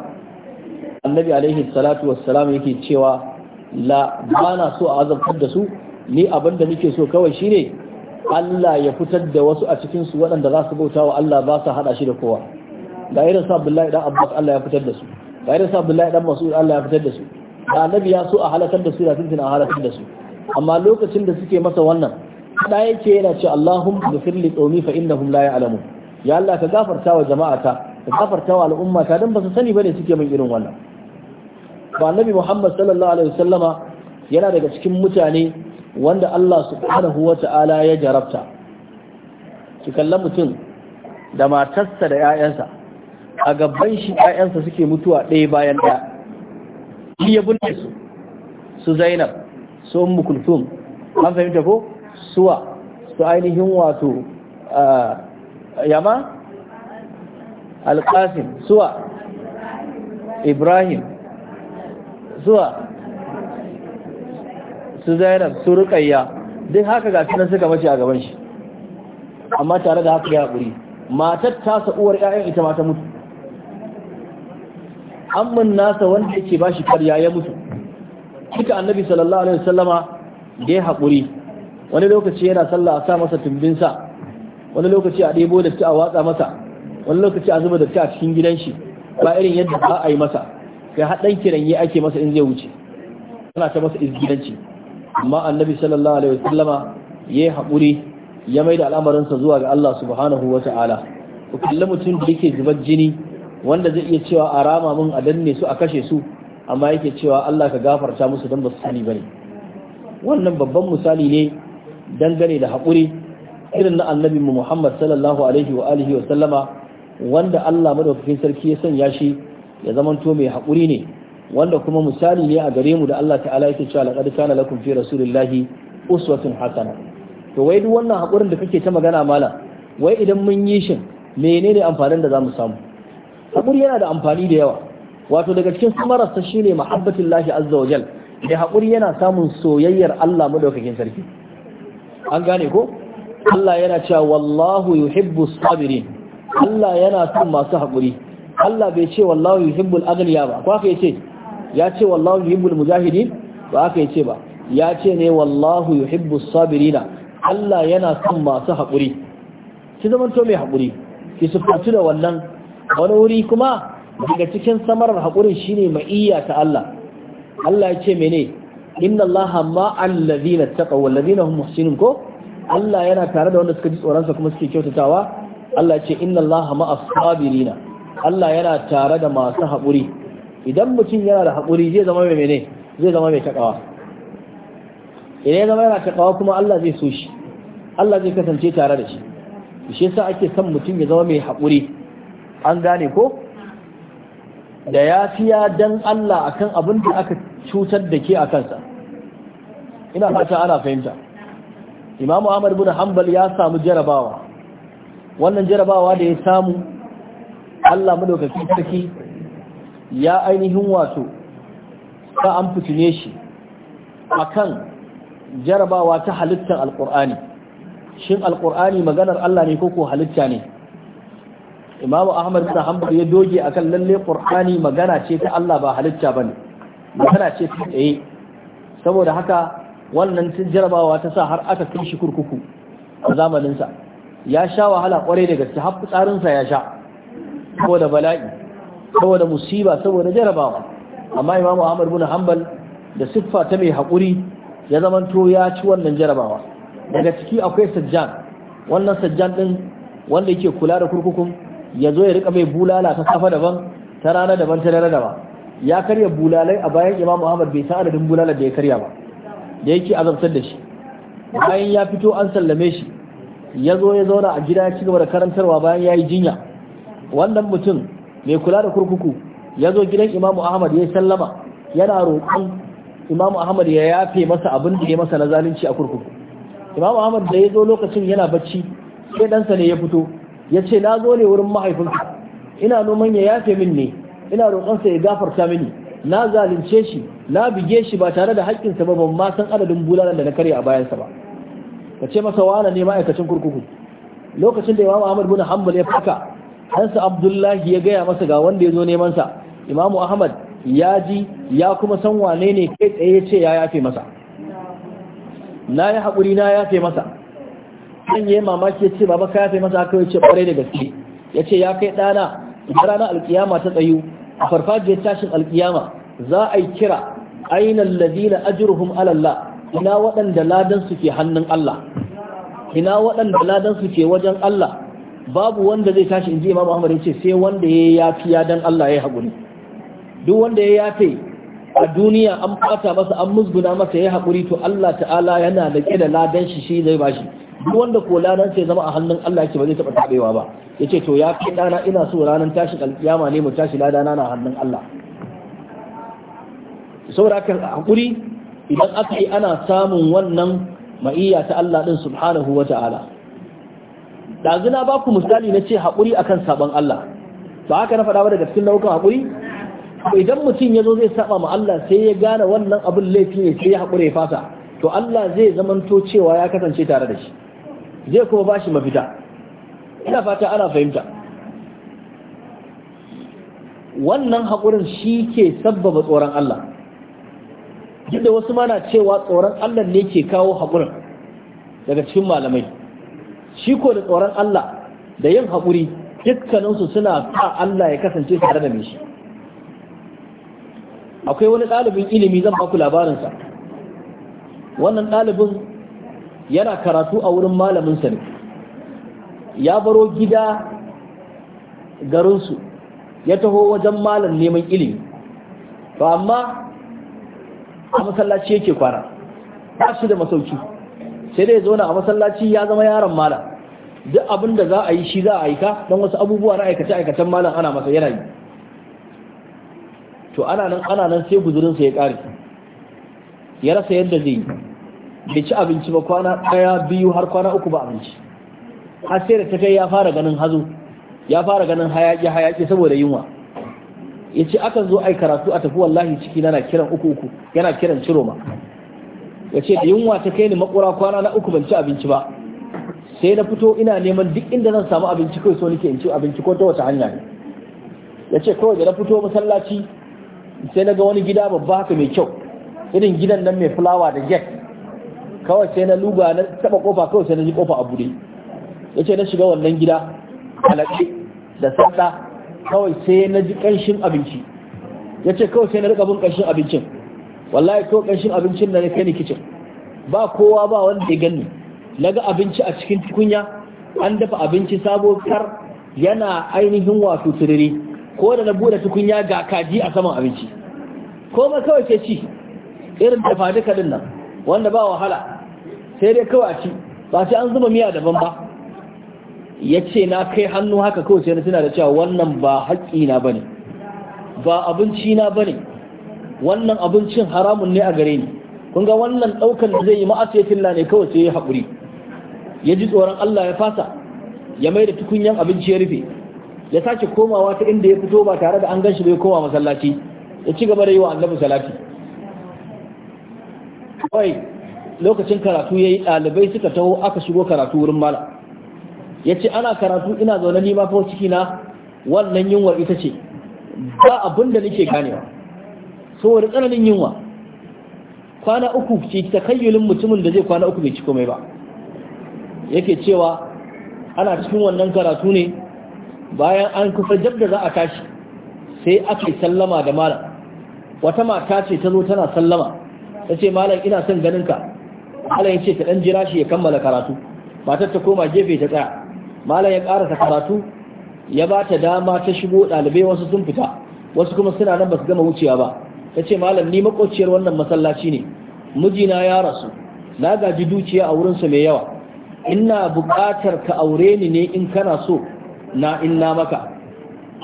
annabi alaihi salatu wa salam yake cewa la ba na so a azabtar da su ni abin da nake so kawai shine Allah ya fitar da wasu a cikin su waɗanda za su bauta wa Allah ba su hada shi da kowa ga irin sa Abdullahi dan Abbas Allah ya fitar da su ga irin sa Abdullahi dan Mas'ud Allah ya fitar da su da annabi ya so a halakar da su da tuntun a halakar da su amma lokacin da suke masa wannan da yake yana ce Allahumma ghfir li qawmi fa innahum la ya'lamun ya Allah ka gafarta wa jama'ata ka gafarta wa al'umma al'ummata dan ba su sani bane suke min irin wannan ba annabi Muhammad sallallahu alaihi wasallama yana daga cikin mutane wanda Allah subhanahu wa ta'ala ya jarabta ki kalla mutum da matarsa da 'ya'yansa a gaban shi 'ya'yansa suke mutuwa ɗaya bayan ɗaya shi ya su su zainab su ummu kulthum an fahimta ko suwa su ainihin wato yama alqasim suwa ibrahim suwa su zainab su ruqayya duk haka ga sunan suka mace a gaban shi amma tare da haka ya haƙuri matar tasa uwar 'ya'yan ita ma ta mutu amman nasa wanda yake bashi karya ya mutu duka annabi sallallahu alaihi wasallama da ya haƙuri wani lokaci yana sallah a sa masa tumbin sa wani lokaci a ɗebo datti a watsa masa wani lokaci a zuba datti a cikin gidan shi ba irin yadda ba a yi masa kai haɗan kiranye ake masa in zai wuce ana ta masa izgidanci amma annabi sallallahu alaihi wasallama ya yi haƙuri ya mai da al'amarinsa zuwa ga Allah subhanahu wa ta'ala ku kalli mutum da yake zubar jini wanda zai iya cewa a rama mun a danne su a kashe su amma yake cewa Allah ka gafarta musu don basu su sani bane wannan babban misali ne dangane da haƙuri irin na annabi Muhammad sallallahu alaihi wa alihi wa sallama wanda Allah madaukakin sarki ya sanya shi ya zamanto mai haƙuri ne wanda kuma misali ne a gare mu da Allah ta'ala yake cewa laqad kana lakum fi rasulillahi uswatun hasana to wai duk wannan haƙurin da kake ta magana malam wai idan mun yi shin menene amfanin da zamu samu haƙuri yana da amfani da yawa wato daga cikin samararsa ne mahabbatin lahi azza wa da haƙuri yana samun soyayyar Allah madaukakin sarki an gane ko Allah yana cewa wallahu hibbu sabirin Allah yana son masu haƙuri Allah bai ce wallahu hibbul agaliya ba ko aka ce? ya ce wallahu hibbul mujahidin ba aka yi ce ba ya ce ne wallahu hibbu sabirina Allah yana son masu haƙuri ki zama to mai haƙuri ki sufanci da wannan wani wuri kuma daga cikin samarar haƙurin shine ma'iyya ta Allah Allah ya ce mene inna Allah ma allazina taqaw wallazina na muhsinin ko Allah yana tare da wanda suka ji tsoronsa kuma suke kyautatawa Allah ya ce inna Allah ma as Allah yana tare da masu haƙuri idan mutum yana da haƙuri zai zama mai mene zai zama mai taƙawa idan ya zama yana taƙawa kuma Allah zai so shi Allah zai kasance tare da shi shi yasa ake son mutum ya zama mai haƙuri an gane ko da ya fiya dan Allah akan abin da aka cutar da ke a kansa ina fata ana fahimta imamu Ahmad bin Hanbal ya samu jarabawa wannan jarabawa da ya samu Allah madaukaki sarki ya ainihin wato sa an fitine shi akan jarabawa ta halittar alkur'ani shin Alƙur'ani maganar Allah ne ko ko halitta ne imamu ahmad bin hanbal ya doge akan lalle qur'ani magana ce ta Allah ba halitta bane magana ce ta tsaye saboda haka wannan tun jarabawa ta sa har aka kai shi kurkuku a zamanin sa ya sha wahala kwarai da gaske har fitsarin sa ya sha saboda bala'i saboda musiba saboda jarabawa amma imamu ahmad bin hanbal da siffa ta mai hakuri ya zamanto ya ci wannan jarabawa daga ciki akwai sajjan wannan sajjan din wanda yake kula da kurkukun ya zo ya rika mai bulala ta safa daban ta rana daban ta dare daban ya karya bulalai a bayan imam ahmad bai san adadin bulalar da ya karya ba da yake azabtar da shi bayan ya fito an sallame shi ya zo ya zauna a gida ya ci gaba da karantarwa bayan ya yi jinya wannan mutum mai kula da kurkuku ya zo gidan Imam ahmad ya sallama yana roƙon Imam ahmad ya yafe masa abin da ya masa na zalunci a kurkuku Imam ahmad da ya zo lokacin yana bacci sai ɗansa ne ya fito ya ce na zo ne wurin mahaifinsu. ina noman ya yafe min ne ina roƙonsa ya gafarta mini na zalunce shi na bige shi ba tare da haƙƙinsa ba ban ma san adadin bulalan da na karya a bayansa ba ka ce masa wane ne ma'aikacin kurkuku lokacin da Imam ahmad bin hanbal ya faka hansa abdullahi ya gaya masa ga wanda ya zo neman sa imamu ahmad ya ji ya kuma san wane ne kai tsaye ya ce ya yafe masa na yi haƙuri na yafe masa dan yi mamaki ya ce baba kayafe masa aka ya ce kwarai da gaske ya ce ya kai ɗana da rana alkiyama ta tsayu a farfajiyar tashin alkiyama za a yi kira ainihin ladina ajiruhun ala ina waɗanda ladan su ke hannun Allah ina waɗanda ladan su ke wajen Allah babu wanda zai tashi ji imamu Ahmad ya ce sai wanda ya yafi ya dan Allah ya haƙuri duk wanda ya yafe a duniya an fata masa an musguna masa ya haƙuri to Allah ta'ala yana da da ladan shi shi zai bashi duk wanda ko ladan sai zama a hannun Allah yake ba zai taba tabewa ba yace to ya fi dana ina so ranan tashin alkiyama ne mu tashi ladana na hannun Allah saboda haka hakuri idan aka yi ana samun wannan ma'iyya ta Allah din subhanahu ta'ala. dazu na baku misali na ce hakuri akan saban Allah ba haka na faɗa ba daga cikin nau'ukan hakuri idan mutum ya zo zai saba ma Allah sai ya gane wannan abin laifi ne sai ya hakuri ya fasa to Allah zai zamanto cewa ya kasance tare da shi zai kuma bashi mafita ina fata ana fahimta wannan haƙurin shi ke sabbaba tsoron Allah duk da wasu mana cewa tsoron Allah ne ke kawo haƙurin daga cikin malamai shi ko da tsoron Allah da yin haƙuri dukkaninsu suna sa Allah ya kasance tare da shi akwai wani ɗalibin ilimi zan baku labarinsa wannan ɗalibin yana karatu a wurin malaminsa ne ya baro gida garinsu ya taho wajen malam neman ilimi to amma a masallaci yake kwana ba shi da masauki sai dai zauna a masallaci ya zama yaron malam duk abin da za a yi shi za a aika don wasu abubuwa na aikace-aikacen malam ana masa yana yi to ana nan ana nan sai guzurinsa ya kare. ya rasa yadda zai yi bai ci abinci ba kwana ɗaya biyu har kwana uku ba abinci har sai da ta kai ya fara ganin hazo ya fara ganin hayaki hayaki saboda yunwa ya ce akan zo ai karatu a tafi wallahi ciki na kiran uku uku yana kiran ciro ma ya ce da yunwa ta kai ni makura kwana na uku ban ci abinci ba sai na fito ina neman duk inda zan samu abinci kai so nake in ci abinci ko ta wata hanya ne ya ce kawai da na fito masallaci sai na ga wani gida babba haka mai kyau irin gidan nan mai fulawa da jet kawai sai na luga na taba kofa kawai sai na ji kofa a bude yace na shiga wannan gida alaƙi da sanda kawai sai na ji kanshin abinci yace kawai sai na rika bin kanshin abincin wallahi ko kanshin abincin na na kai ni kicin ba kowa ba wanda ya gani naga abinci a cikin tukunya an dafa abinci sabo kar yana ainihin wato turare ko da na bude tukunya ga kaji a saman abinci ko ma kawai ke ci irin dafa duka din nan wanda ba wahala sai dai kawai a ci ba sai an zuba miya daban ba ya ce na kai hannu haka kawai sai na suna da cewa wannan ba haƙƙi na ne. ba abinci na ba ne. wannan abincin haramun ne a gare ni kun ga wannan ɗaukan da zai yi ma'asiyatin la ne kawai sai ya haƙuri ya ji tsoron Allah ya fasa ya mai da tukunyan abinci ya rufe ya sake komawa ta inda ya fito ba tare da an gan shi bai koma masallaci ya ci gaba da yi wa annabi salati kawai lokacin karatu yayi ɗalibai suka taho aka shigo karatu wurin mala yace ana karatu ina zaune ni ma fa ciki na wannan yunwar ita ce ba abin da nake ganewa saboda tsananin yunwa kwana uku ce kayyulin mutumin da zai kwana uku bai ci komai ba yake cewa ana cikin wannan karatu ne bayan an kusa jab da za a tashi sai aka sallama da malam wata mata ce ta zo tana sallama ta ce malam ina son ganin ka. malam ya ce ta dan jira shi ya kammala karatu matar ta koma gefe ta tsaya malam ya ƙarasa karatu ya ba ta dama ta shigo dalibai wasu sun fita wasu kuma suna nan ba su gama wucewa ba ta ce malam ni makociyar wannan masallaci ne mijina ya rasu na gaji dukiya a wurinsa mai yawa ina buƙatar ka aure ni ne in kana so na inna maka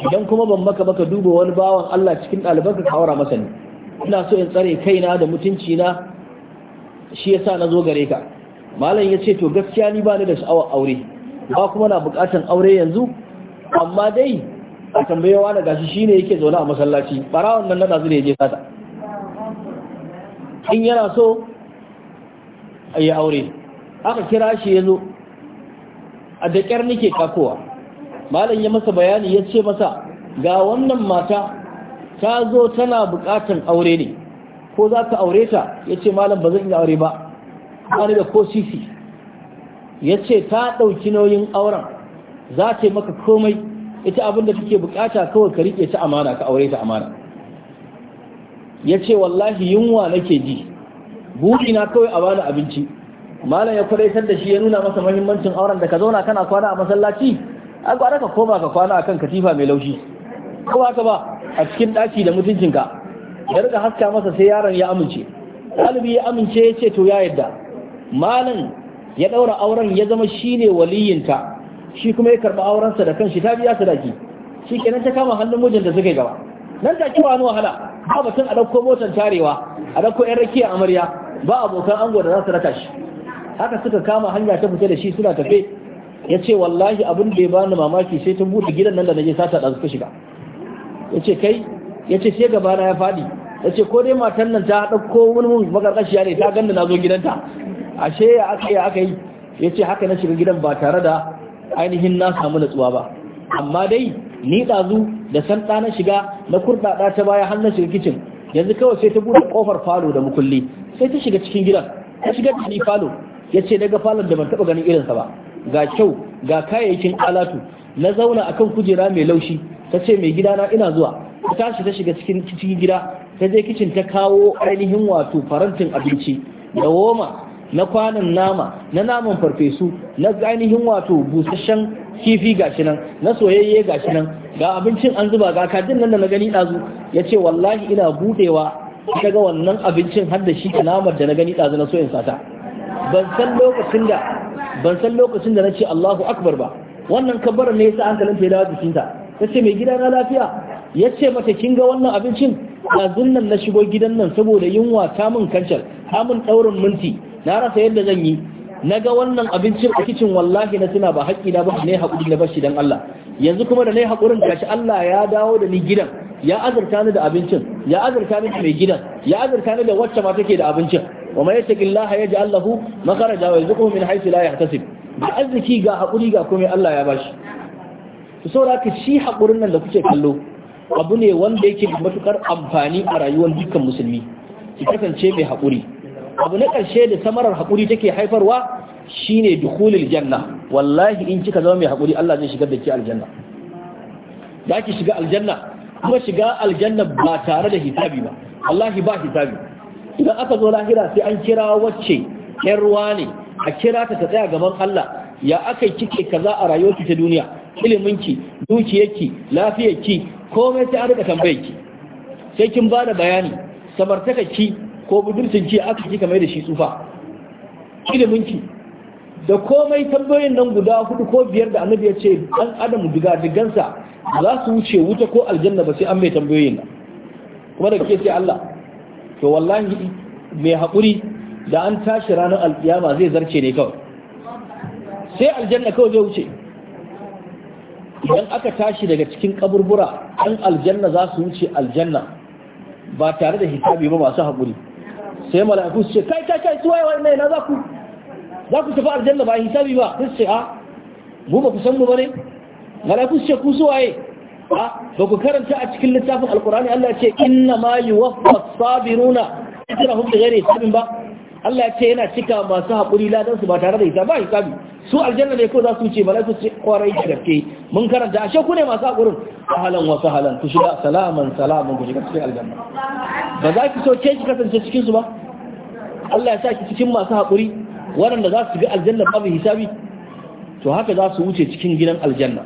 idan kuma ban maka baka duba wani bawan Allah cikin ɗalibanka ka aura masa ne ina so in tsare kaina da mutunci na shi ya sa na zo gare ka malam ya ce to gaskiya ni ba ni da sha'awar aure ba kuma na bukatan aure yanzu amma dai a wa na gashi shine yake zaune a masallaci barawan nan na ya je sata in yana so a yi aure aka kira shi ya zo a daƙyar nike kakowa malam ya masa bayani ya ce masa ga wannan mata ta zo tana bukatan aure ne ko za ka aure ta ya ce malam ba zan iya aure ba wani da ko sisi ya ce ta ɗauki nauyin auren za ta yi maka komai ita abinda da kake bukata kawai ka riƙe ta amana ka aure ta amana ya ce wallahi yunwa nake ji na kawai a bani abinci malam ya kwadaitar da shi ya nuna masa mahimmancin auren da ka zauna kana kwana a masallaci a gwada ka koma ka kwana akan katifa mai laushi ko ka ba a cikin ɗaki da mutuncinka ya rika haska masa sai yaron ya amince ɗalibi ya amince ya ce to ya yadda malam ya ɗaura auren ya zama shine waliyinta shi kuma ya karɓi aurensa da kanshi ta biya sadaki shi kenan ta kama hannun mijin da suka gaba nan ta kiwa wani wahala ba batun a dauko motar tarewa a dauko yan rakiya amarya ba abokan ango da za su raka shi haka suka kama hanya ta fita da shi suna tafe ya ce wallahi abin da ya bani mamaki sai tun buɗe gidan nan da na je sata ɗan ka shiga ya ce kai ya ce sai gabana ya faɗi ya ce ko dai matan nan ta ɗauko wani makarƙashiya ne ta ganda na zo gidanta ashe ya aka yi aka yi ya ce haka na shiga gidan ba tare da ainihin na samu natsuwa ba amma dai ni ɗazu da san ɗa na shiga na kurɗaɗa ta baya har na shiga kicin yanzu kawai sai ta buɗe ƙofar falo da mukulli sai ta shiga cikin gidan ta shiga da falo ya ce daga falon da ban taɓa ganin irinsa ba ga kyau ga kayayyakin alatu na zauna akan kujera mai laushi ta ce mai gidana ina zuwa ta tashi ta shiga cikin cikin gida ta je kicin ta kawo ainihin wato farantin abinci da woma na kwanan nama na naman farfesu na ainihin wato busasshen kifi gashi nan na soyayye gashi nan ga abincin an zuba ga kadin nan da na gani ɗazu ya ce wallahi ina buɗewa ta ga wannan abincin har da shi ta namar da na gani ɗazu na soyin sata ban san lokacin da na ce Allahu Akbar ba wannan kabbar ne yasa hankalin ta ya dawo jikinta ta ce mai gida na lafiya ya ce mata kin ga wannan abincin ɗazun nan na shigo gidan nan saboda yunwa ta min kancar ta min ɗaurin minti na rasa yadda zan yi na ga wannan abincin a kicin wallahi na tuna ba haƙƙi na ba ne haƙuri na bashi dan Allah yanzu kuma da nayi haƙurin haƙurin shi Allah ya dawo da ni gidan ya azurta ni da abincin ya azurta ni da mai gidan ya azurta ni da wacce ma take da abincin wa man yattaqillaha yaj'al lahu makharaja wa yarzuquhu min haythu la yahtasib da arziki ga haƙuri ga komai Allah ya bashi to saboda ka shi haƙurin nan da kuke kallo abu ne wanda yake da matukar amfani a rayuwar dukkan musulmi ki kasance mai haƙuri abu na ƙarshe da samarar haƙuri take haifarwa shine dukhulul janna wallahi in kika zama mai haƙuri Allah zai shigar da ke aljanna za ki shiga aljanna kuma shiga aljanna ba tare da hisabi ba wallahi ba hisabi idan aka zo lahira sai an kira wacce ƴar ruwa ne a kira ta tsaya gaban Allah ya aka kike kaza a rayuwarki ta duniya ilimin ki dukiyarki lafiyarki komai sai an rika ki sai kin ba da bayani samartaka ki ko budurcin ki aka kika mai da shi tsufa ilimin ki da komai tambayoyin nan guda hudu ko biyar da annabi ya ce dan adam diga digansa za su wuce wuta ko aljanna ba sai an mai tambayoyin nan kuma da ke sai Allah to wallahi mai hakuri da an tashi ranar alƙiyama zai zarce ne kawai sai aljanna kawai zai wuce idan aka tashi daga cikin kaburbura ɗan aljanna za su wuce aljanna ba tare da hitabi ba masu haƙuri sai mala'iku su ce kai kai kai suwaye wannan na za ku za ku tafi aljanna ba hitabi ba sai ce a mu ba ku san mu bane mala'iku su ce ku suwaye a ba ku karanta a cikin littafin alqur'ani Allah ya ce inna ma yuwaffa sabiruna ajrahum bi ghairi hisabin ba Allah ya ce yana cika masu haƙuri ladan su ba tare da isa ba hisabi su aljanna ne ko za su ce malaiku ce kwarai da gaske mun karanta ashe ku ne masu haƙurin sahalan wa sahalan ku shiga salaman salaman ku shiga cikin aljanna ba za ki so ke ki kasance cikin su ba Allah ya sa ki cikin masu haƙuri waɗanda za su ga aljanna babu hisabi to haka za su wuce cikin gidan aljanna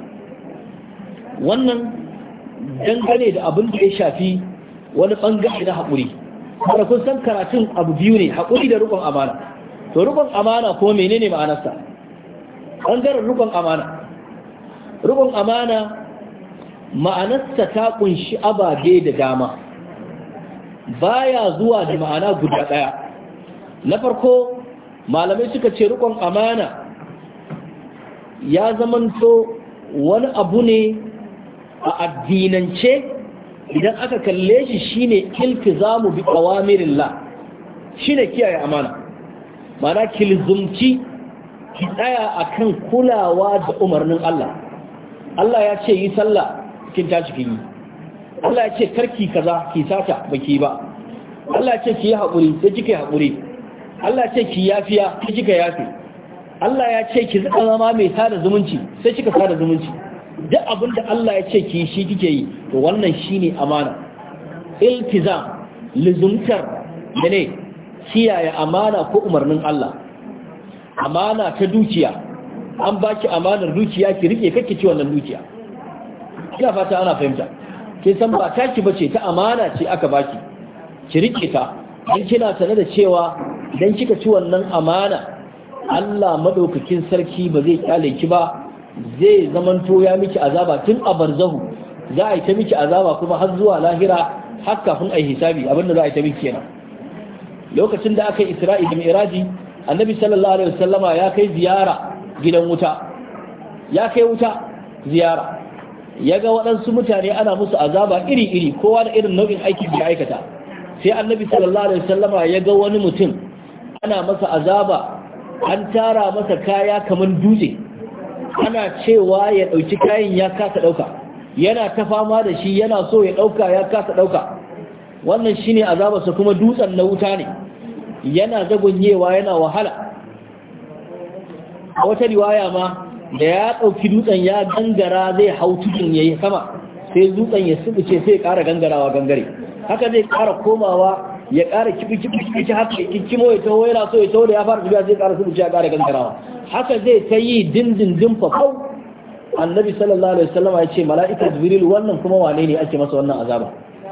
wannan dangane da abin da ya shafi wani bangare na haƙuri wanda kun san karatun abu biyu ne haƙuri da rukun amana to rukun amana ko menene ma'anarsa ɓangaren rukun amana rukun amana ma'anarsa ta kunshi ababe da dama baya zuwa da ma'ana guda ɗaya na farko malamai suka ce rukun amana ya zamanto wani abu ne a addinance idan aka kalle shi shine iltizamu bi awamirillah shine kiyaye amana mana kilzumci ki tsaya akan kulawa da umarnin Allah Allah ya ce yi sallah kin tashi kin yi Allah ya ce karki kaza ki sata baki ba Allah ya ce ki yi hakuri sai kika yi hakuri. Allah ya ce ki yafiya sai kika yafi Allah ya ce ki zama mai sada zumunci sai kika sada zumunci duk abin da Allah ya ce ki shi kike yi to wannan shine amana iltizam lizumtar ne kiyaye amana ko umarnin Allah amana ta dukiya an baki amanar dukiya ki rike kake ci wannan dukiya ina fata ana fahimta ke san ba taki bace ta amana ce aka baki ki rike ta in kina sanar da cewa idan kika ci wannan amana Allah madaukakin sarki ba zai kyale ki ba zai zamanto ya miki azaba tun a barzahu za a yi ta miki azaba kuma har zuwa lahira har kafin a yi hisabi abinda za a yi ta miki yana. lokacin da aka yi isra'i da mi'raji annabi sallallahu alaihi wasallama ya kai ziyara gidan wuta ya kai wuta ziyara ya ga waɗansu mutane ana musu azaba iri-iri kowa da irin nau'in aikin da aikata sai annabi sallallahu alaihi wasallama ya ga wani mutum ana masa azaba an tara masa kaya kamar dutse ana cewa ya ɗauki kayan ya kasa ɗauka yana ta fama da shi yana so ya ɗauka ya kasa ɗauka wannan shi shine azabarsa kuma dutsen na wuta ne yana zagonyewa yana wahala a wata riwaya ma da ya ɗauki dutsen ya gangara zai hau tudun ya yi sama sai dutsen ya subuce sai ƙara gangarawa gangare haka zai ƙara komawa ya ƙara kibi kibi haka ya kikkimo ya taho yana so ya taho da ya fara tafiya zai ƙara subuci ya ƙara kankarawa haka zai ta yi dindindin fafau annabi sallallahu alaihi wasallama ya ce mala'ika jibril wannan kuma wane ne ake masa wannan azaba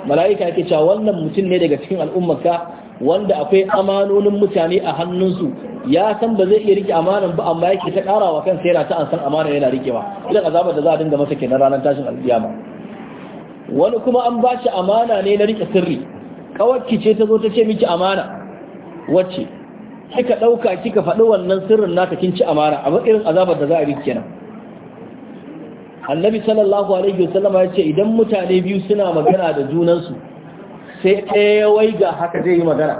mala'ika yake cewa wannan mutum ne daga cikin al'ummarka wanda akwai amanonin mutane a hannunsu ya san ba zai iya rike amanan ba amma yake ta wa kansa yana ta an san amana yana rikewa idan azabar da za a dinga masa kenan ranar tashin alƙiyama wani kuma an ba shi amana ne na rike sirri kawarki ce ta zo ta ce miki amana wacce kika ɗauka kika faɗi wannan sirrin naka kin ci amana a irin azabar da za a rike nan annabi sallallahu alaihi wasallama ya ce idan mutane biyu suna magana da junansu sai ɗaya waiga haka zai yi magana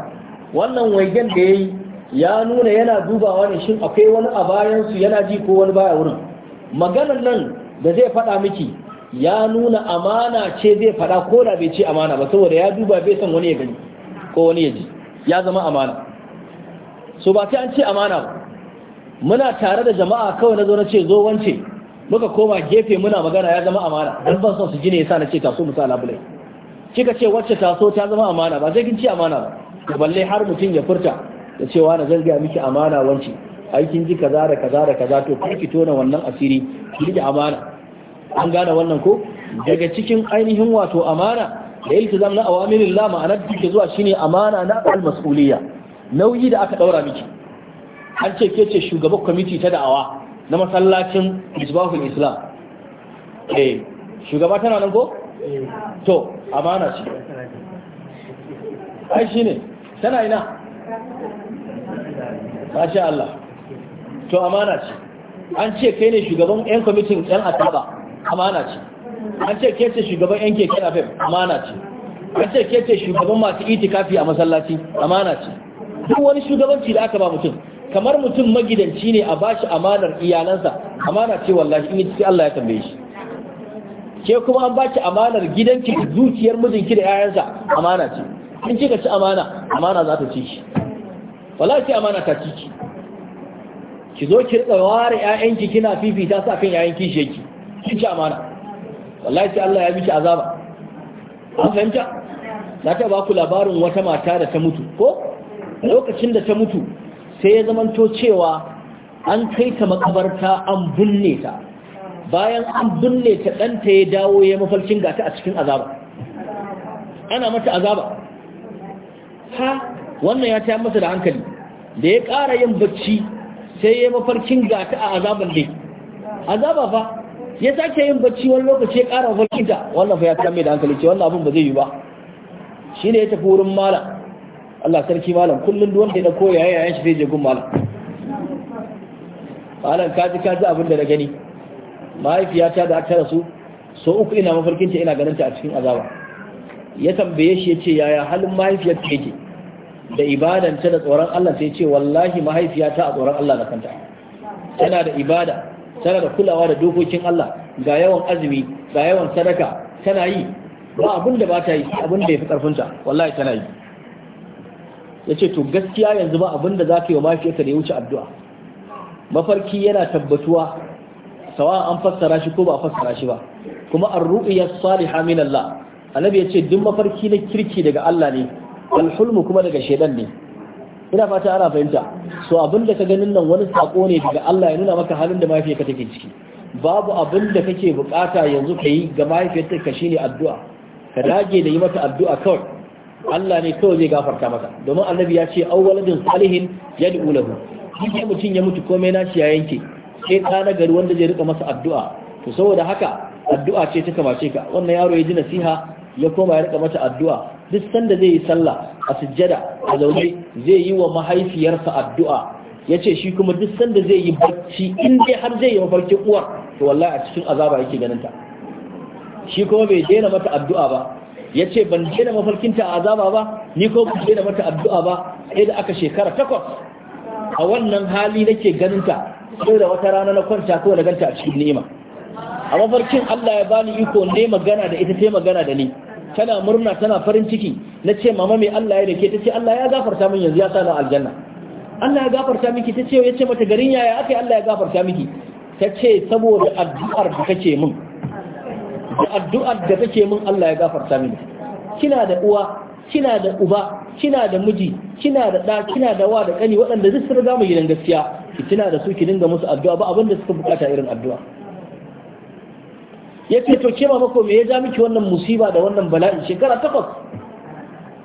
wannan waigen da yayi ya nuna yana dubawa ne shin akwai wani a bayansu yana ji ko wani baya wurin maganar nan da zai faɗa miki ya nuna amana ce zai faɗa ko da bai ce amana ba saboda ya duba bai san wani ya gani ko wani ya ji ya zama amana so ba sai an ce amana ba muna tare da jama'a kawai na zo na ce zo wance muka koma gefe muna magana ya zama amana dan ban son su ji ne yasa na ce taso mu sa labulai kika ce wacce ta so ta zama amana ba sai kin ce amana ba balle har mutum ya furta da cewa na zarga miki amana wance aikin ji kaza da kaza da kaza to kike tona wannan asiri ki rike amana an gane wannan ko daga cikin ainihin wato amana da iltizam na awamirin la ma'anar da duke zuwa shine amana na al-mas'uliyya nauyi da aka daura miki an ce ke ce shugaban kwamiti ta da'awa na masallacin isbahul islam eh shugaba tana nan ko to amana ce ai shine tana ina masha Allah to amana ce an ce kai ne shugaban yan kwamitin yan asaba amana ce an ce ke ce shugaban yan keke na fim amana ce an ce ke ce shugaban masu itikafi a masallaci amana ce duk wani shugabanci da aka ba mutum kamar mutum magidanci ne a bashi amanar iyalansa amana ce wallahi in ci Allah ya tambaye shi ke kuma an baki amanar gidanki zuciyar mijinki da 'ya'yansa amana ce in kika ci amana amana za ta ci shi wallahi sai amana ta ci ki ki zo ki rika ware ƴaƴanki kina fifita kan ƴaƴanki shi kishiyarki kin ci amana wallahi sai Allah ya miki azaba an fahimta na ta ba ku labarin wata mata da ta mutu ko lokacin da ta mutu sai ya zamanto cewa an kai ta makabarta an binne ta bayan an binne ta ɗanta ya dawo ya mafalcin gata a cikin azaba ana mata azaba ha wannan ya tayar masa da hankali da ya ƙara yin bacci sai ya mafarkin gata a azaban dai azaba fa ya sake yin bacci wani lokaci ya ƙara farkinta wannan fa ya kame da hankali ce wannan abin ba zai yi ba shi ne ya tafi wurin malam Allah sarki malam kullum duk wanda ya koya yaya yayin shi zai je gun malam malam ka ji ka ji abin da na gani mahaifiyata da aka rasu so uku ina mafarkinta ina ganin ta a cikin azaba ya tambaye shi ya ce yaya halin mahaifiyar ta yake da ibadanta da tsoron Allah sai ce wallahi mahaifiyata a tsoron Allah na kanta tana da ibada tana da kulawa da dokokin Allah ga yawan azumi ga yawan sadaka tana yi ba abin da ba ta yi abin da ya fi karfinta wallahi tana yi ya ce to gaskiya yanzu ba abin da za ka yi wa mafiyarka da ya wuce addu'a mafarki yana tabbatuwa sawa an fassara shi ko ba a fassara shi ba kuma ar-ru'ya saliha min Allah annabi ya ce duk mafarki na kirki daga Allah ne alhulmu hulmu kuma daga shedan ne ina fata ana fahimta so abin da ka ganin nan wani sako ne daga Allah ya nuna maka halin da mahaifiyarka take ciki babu abin da kake bukata yanzu ka yi ga mahaifiyarka shine addu'a ka dage da yi mata addu'a kawai Allah ne kawai zai gafarta maka domin annabi ya ce awwaladin salihin yad'u lahu duk mutum ya mutu komai shi ya yanke sai ka na gari wanda zai rika masa addu'a to saboda haka addu'a ce ta kamace ka wannan yaro ya ji nasiha ya koma ya rika mata addu'a duk sanda zai yi sallah a sujjada a zaune zai yi wa mahaifiyarsa addu'a ya ce shi kuma duk sanda zai yi barci in dai har zai yi mafarkin uwa to wallahi a cikin azaba yake ganin ta shi kuma bai daina mata addu'a ba ya ce ban daina mafarkinta a azaba ba ni ko ban daina mata addu'a ba sai da aka shekara takwas a wannan hali nake ganin ta sai da wata rana na kwanta ko da ganta a cikin ni'ima a mafarkin Allah ya bani iko ne magana da ita ce magana da ni tana murna tana farin ciki na ce mama mai Allah ya rike ta ce Allah ya gafarta min yanzu ya sa na aljanna Allah ya gafarta miki ta ce ya ce mata garin yaya aka Allah ya gafarta miki ta ce saboda addu'ar da kake min addu'ar da kake min Allah ya gafarta miki kina da uwa kina da uba kina da miji kina da da kina da wa da kani waɗanda zai sun riga mu gidan gaskiya ki da su ki dinga musu addu'a ba abinda suka bukata irin addu'a ya ce to ke mako me ya ja miki wannan musiba da wannan bala'i shekara takwas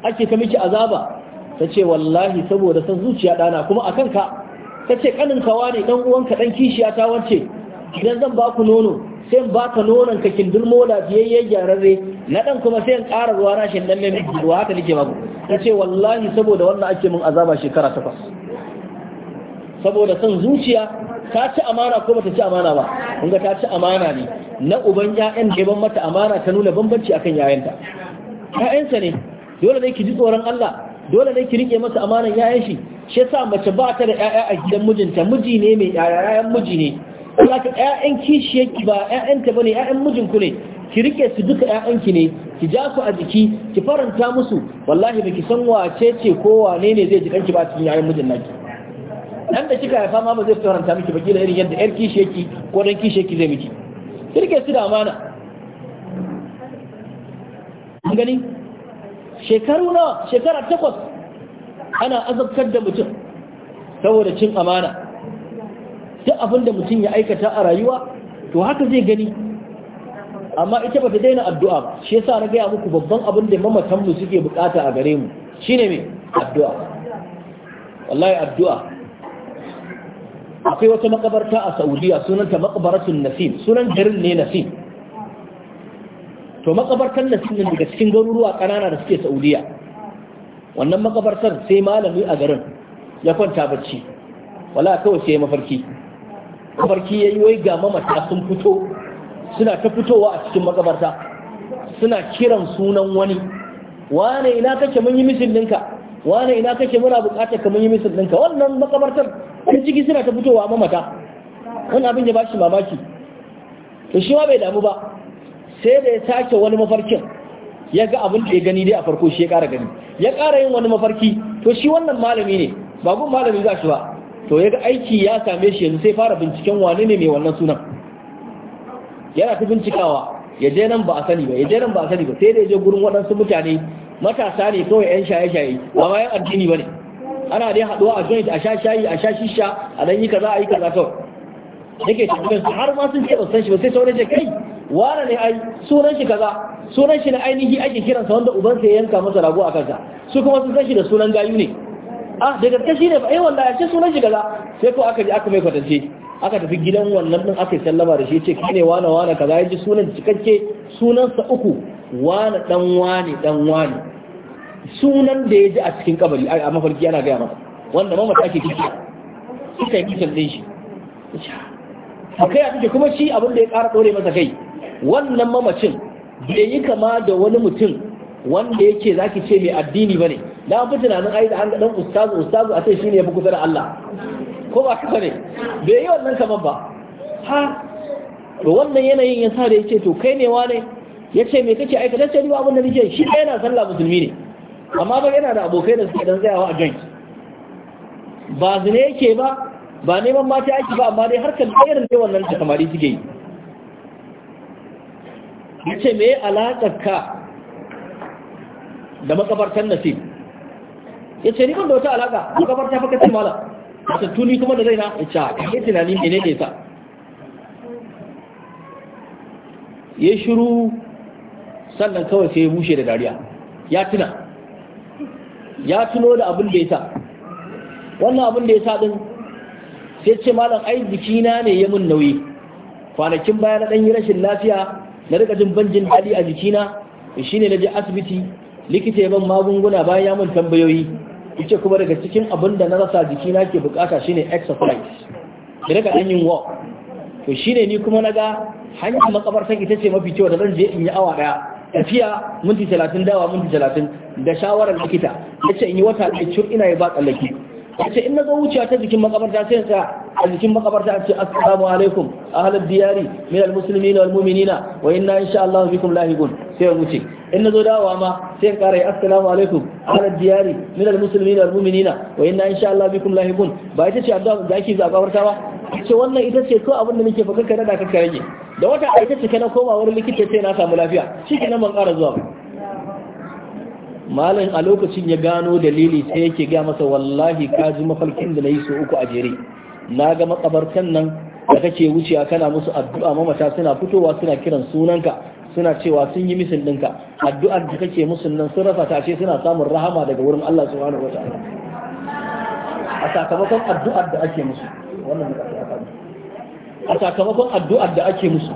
ake ta miki azaba ta ce wallahi saboda san zuciya dana kuma a kanka ta ce kanin kawa ne dan uwanka dan kishiya ta wance idan zan baku nono sai in baka nonon ka mola lafiyayyen gyararre na dan kuma sai in ƙara ruwa na shi dan mai ruwa haka nake mako. ta ce wallahi saboda wannan ake min azaba shekara takwas saboda san zuciya ta ci amana ko bata ci amana ba in ta ci amana ne na uban 'ya'yan da ban mata amana ta nuna bambanci akan 'ya'yanta. Ya'yansa ne dole ne ki ji tsoron Allah dole ne ki rike masa amanan 'ya'yan shi shi yasa mace ba ta da 'ya'ya a gidan mijinta miji ne mai ƴaƴan miji ne kuma ka ƴaƴan kishiyarki ba ta bane ƴaƴan mijinku ne ki rike su duka ki ne ki ja su a jiki ki faranta musu wallahi baki san wace ce ko wane ne zai ji danki ba cikin 'ya'yan mijin naki dan da kika haifa ma ba zai faranta miki ba kila irin yadda yar kishi yake ko dan kishi yake zai miki kirke su da amana an gani shekaru nawa shekara takwas ana azabtar da mutum saboda cin amana duk abin da mutum ya aikata a rayuwa to haka zai gani amma ita ba ta daina addu'a ba shi yasa na gaya muku babban abin da mamatan suke bukata a gare mu shine me addu'a wallahi addu'a akwai wata makabarta a saudiya sunanta makabaratun nasim sunan garin ne nasim to makabartar nasim ne daga cikin garuruwa kanana da suke saudiya wannan makabartar sai malami a garin ya kwanta bacci wala kawai sai mafarki mafarki ya yi wai mamata sun fito suna ta fitowa a cikin makabarta suna kiran sunan wani wane ina kake mun yi misin wane ina kake muna bukatar kamar yi misal ɗinka wannan makabartar ɗan ciki suna ta fitowa a mamata Wani abin ya ba shi mamaki to shi ma bai damu ba sai da ya sake wani mafarkin ya ga abin da ya gani dai a farko shi ya ƙara gani ya ƙara yin wani mafarki to shi wannan malami ne ba gun malami za shi ba to ya ga aiki ya same shi yanzu sai fara binciken wane ne mai wannan sunan yana ta bincikawa ya je nan ba a sani ba ya je nan ba a sani ba sai da ya je gurin waɗansu mutane matasa ne kawai yan shaye-shaye ba ma yan addini ba ne ana dai haɗuwa a joint a sha shayi a sha shisha a dan yi kaza a yi kaza kawai yake cikin su har ma sun ce san shi ba sai sauran kai wara ne ai sunan shi kaza sunan shi na ainihi ake kiransa wanda ubansa ya yanka masa rago a kansa su kuma sun san shi da sunan gayu ne ah da gaske shi ne ba eh wallahi ce sunan shi kaza sai ko aka ji aka mai kwatance aka tafi gidan wannan din aka yi sallama da shi ce ki ne wane wane kaza ya ji sunan cikakke sunansa uku wane dan wane dan wane sunan da ya ji a cikin kabari a mafarki ana gaya masa wanda mamata ake kiki suka yi kisan din shi a kai a cikin kuma shi abin da ya ƙara ɗore masa kai wannan mamacin bai yi kama da wani mutum wanda yake zaki ce mai addini ba ne na fi tunanin ai da an ga ɗan ustazu ustazu a sai shi ne ya fi kusa da Allah ko ba ka ne bai yi wannan kaman ba ha to wannan yanayin ya sa da ce to kai ne wane ce me kake aikata ce ni abin da nake shi yana sallah musulmi ne amma ba yana da abokai da suke dan tsayawa a gan ba zine yake ba ba neman mata aiki ba amma dai harkar tsayar da wannan da samari suke yi Ya ce me alaƙar ka da makabartan nasib ce ni ban da wata alaƙa makabarta fa kace malam haka tuni kuma da zai na ita ah, kai tunani mene ne sa ya shiru sannan kawai sai ya bushe da dariya ya tuna ya tuno da abin da ya sa wannan abin da ya sa din sai ce malam ai na ne ya mun nauyi kwanakin baya na dan yi rashin lafiya na rika jin banjin daɗi a jikina shine na je asibiti likita ya ban magunguna bayan ya mun tambayoyi yace kuma daga cikin abin da na rasa jiki na ke bukata shine exercise da daga an yin walk to shine ni kuma na ga hanyar makabartar ita ce mafi kyau da zan je in yi awa daya tafiya minti 30 dawa minti 30 da shawarar likita yace in yi wata ɗaya cur ina yi ba tsallaki yace in na zo wuciya ta jikin makabarta sai sa a jikin makabarta a ce assalamu alaikum ahlal diyari min al muslimina wal mu'minina wa inna insha Allah bikum lahiqun sai wuce in na zo dawowa ma sai in kara assalamu alaikum ahlal diyari min al muslimina wal mu'minina wa inna insha Allah bikum lahiqun ba ita ce addu'a da ake zuwa makabarta ba ce wannan ita ce ko abin da nake fa kanka da kanka rage da wata aita ce kana koma wurin likita sai na samu lafiya shi kenan ban kara zuwa ba malam a lokacin ya gano dalili sai yake ga masa wallahi ka ji mafarkin da na yi so uku a jere na ga makabartan nan da kake wucewa kana musu addu'a mamata suna fitowa suna kiran sunanka suna cewa sun yi misin ɗinka addu'ar da kake musu nan sun rafa ta ce suna samun rahama daga wurin Allah subhanahu wa ta'ala a sakamakon addu'ar da ake musu wannan a sakamakon addu'ar da ake musu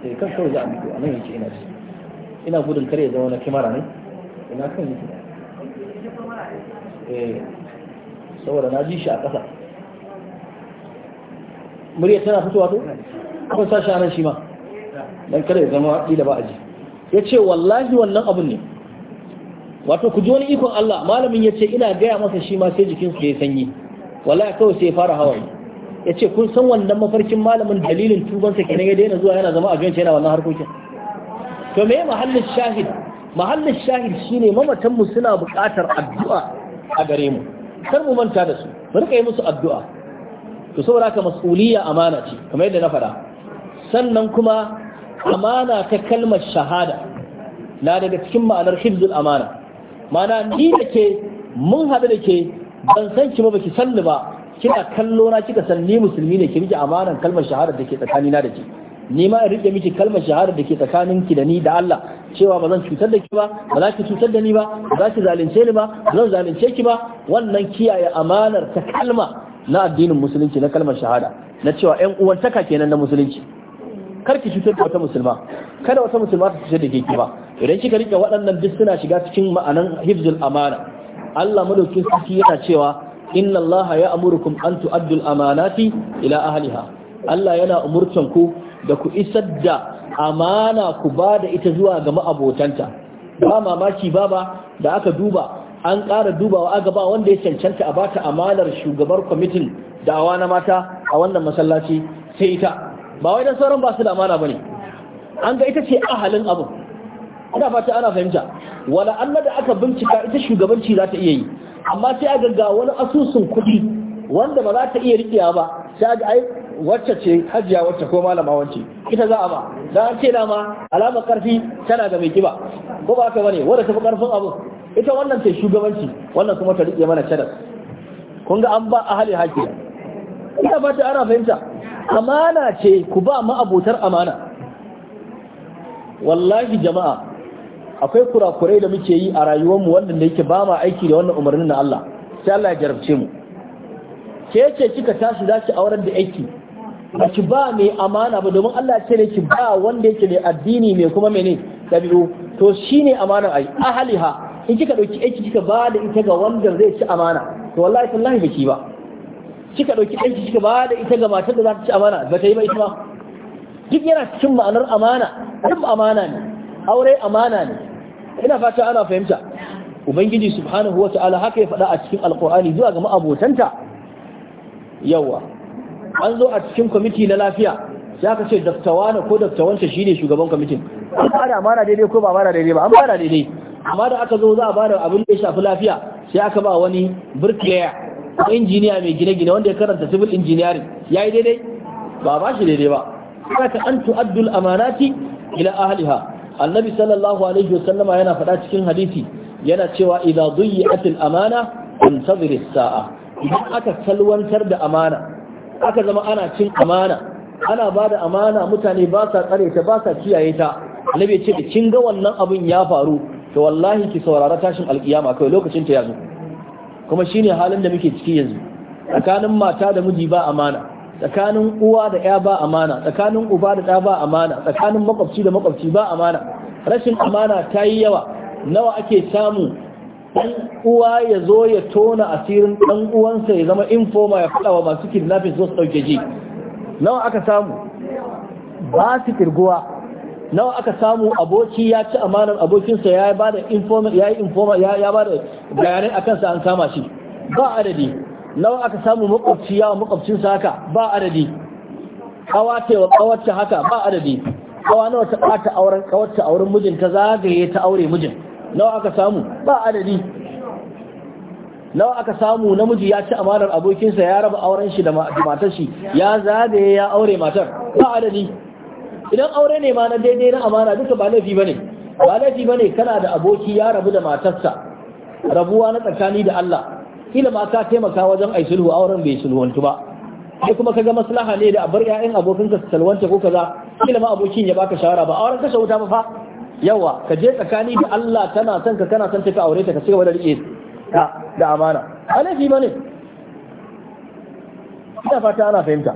sai eh, kan kawai za a mutu a nan yake ina ce ina gudun kare zama na kimara ne ina kan yi eh saboda na ji shi a ƙasa murya tana fitowa to kun sa shi anan shi ma dan kare zama kila ba aji yace wallahi wannan abun ne wato ku ji wani ikon Allah malamin yace ina gaya masa shi ma sai jikin su ya sanyi wallahi kawai sai ya fara hawaye yace kun san wannan mafarkin malamin dalilin tubansa kenan ya daina zuwa yana zama a yana wannan harkokin to me mahallin shahid mahallin shahid shine mamatan mu suna buƙatar addu'a a gare mu kar mu manta da su mu rika yi musu addu'a to saboda ka mas'uliyya amana ce kamar yadda na faɗa sannan kuma amana ta kalmar shahada na daga cikin ma'anar hibzul amana mana ni da ke mun haɗu da ke ban san ki ba baki sanni ba kina kallo na kika san ni musulmi ne ki rike amanan kalmar shahada da ke tsakanina da ke ni ma in rike miki kalmar shahada da ke tsakaninki da ni da Allah cewa ba zan cutar da ki ba ba za ki cutar da ni ba ba za ki zalunce ni ba ba zan zalunce ki ba wannan kiyaye amanar ta kalma na addinin musulunci na kalmar shahada na cewa ƴan uwantaka kenan na musulunci kar ki cutar da wata musulma kada wata musulma ta cutar da ke ki ba idan kika rike waɗannan duk suna shiga cikin ma'anan hifzul amana Allah madaukin sarki yana cewa inna Allah ya kum an tu'addul amanati ila ahliha Allah yana umurtan ku da ku isar da amana ku ba da ita zuwa ga ma'abotanta ba mamaki ba ba da aka duba an ƙara dubawa a gaba wanda ya cancanta a bata amanar shugabar kwamitin da'awa na mata a wannan masallaci sai ita ba wai idan sauran basu su da amana ba ne. an ga ita ce ahalin abu ina fata ana fahimta wala Allah da aka bincika ita shugabanci za ta iya yi amma sai a gaggawa wani asusun kuɗi wanda ba za ta iya riƙewa ba sai a ga wacce ce hajiya wacce ko malama wance ita za a ba dan an ce dama alamar karfi tana da mai kiba ko ba ka bane wanda tafi karfin abu ita wannan ce shugabanci wannan kuma ta rike mana cadar kun ga an ba ahli haƙi ina ta ana fahimta amana ce ku ba ma abotar amana wallahi jama'a akwai kurakurai da muke yi a rayuwarmu wannan da yake ba ma aiki da wannan umarnin na Allah sai Allah ya jarabce mu ke ce kika tashi za ki aurar da aiki ba ki ba mai amana ba domin Allah ce ne ki ba wanda yake ne addini mai kuma mene dabi'u to shine amana ai ha, in kika dauki aiki kika ba da ita ga wanda zai ci amana to wallahi sallahi baki ba kika dauki aiki kika ba da ita ga matar da za ta ci amana ba ta yi ba ita ba duk yana cikin ma'anar amana duk amana ne aure amana ne ina fata ana fahimta ubangiji subhanahu wataala haka ya faɗa a cikin alqur'ani zuwa ga ma'abotanta yawa an zo a cikin kwamiti na lafiya ya ka ce daktawana ko daktawanta shi ne shugaban kwamitin an fara mara daidai ko ba mara daidai ba an fara daidai amma da aka zo za a bada abin da ya shafi lafiya sai aka ba wani bricklayer injiniya mai gine-gine wanda ya karanta civil engineering ya yi daidai ba ba shi daidai ba saka an tu'addul amanati ila ahliha annabi sallallahu alaihi wasallama yana faɗa cikin hadisi yana cewa idza dhuyyatil amana intazir as-sa'a idan aka salwantar da amana aka zama ana cin amana ana ba da amana mutane ba sa tsare ta ba sa kiyaye ta bai ce da kin ga wannan abin ya faru to wallahi ki saurara tashin alkiyama kai lokacin ta yazo kuma shine halin da muke ciki yanzu tsakanin mata da miji ba amana tsakanin uwa da ya ba amana tsakanin uba da ɗa ba amana tsakanin makwabci da makwabci ba amana rashin amana ta yi yawa nawa ake samu ɗan uwa ya zo ya tona asirin ɗan uwansa ya zama informa ya faɗa wa masu kidnapping zo su ɗauke ji nawa aka samu ba su kirguwa nawa aka samu aboki ya ci amanar abokinsa ya ba da ya yi informa ya ba da bayanai akan sa an kama shi ba adadi nawa aka samu makwabci yawa makwabcinsa haka ba adadi kawa ce wa kawarta haka ba adadi kawa nawa ta ɓata auren kawarta auren mijin ta zagaye ta aure mijin nawa aka samu ba adadi nawa aka samu namiji ya ci amanar abokinsa ya raba auren shi da matar shi ya zagaye ya aure matar ba adadi idan aure ne ma na daidai na amana duka ba laifi bane ba laifi bane kana da aboki ya rabu da matarsa rabuwa na tsakani da Allah kila ma ka taimaka wajen ai sulhu auren bai sulhuwantu ba sai kuma kaga maslaha ne da bar ƴaƴan abokinka su salwanta ko kaza kila ma abokin ya baka shawara ba auren kashe wuta ba fa yawa ka je tsakani da Allah tana son ka kana son ka aure ta ka cigaba da rike ka da amana alafi bane ina fata ana fahimta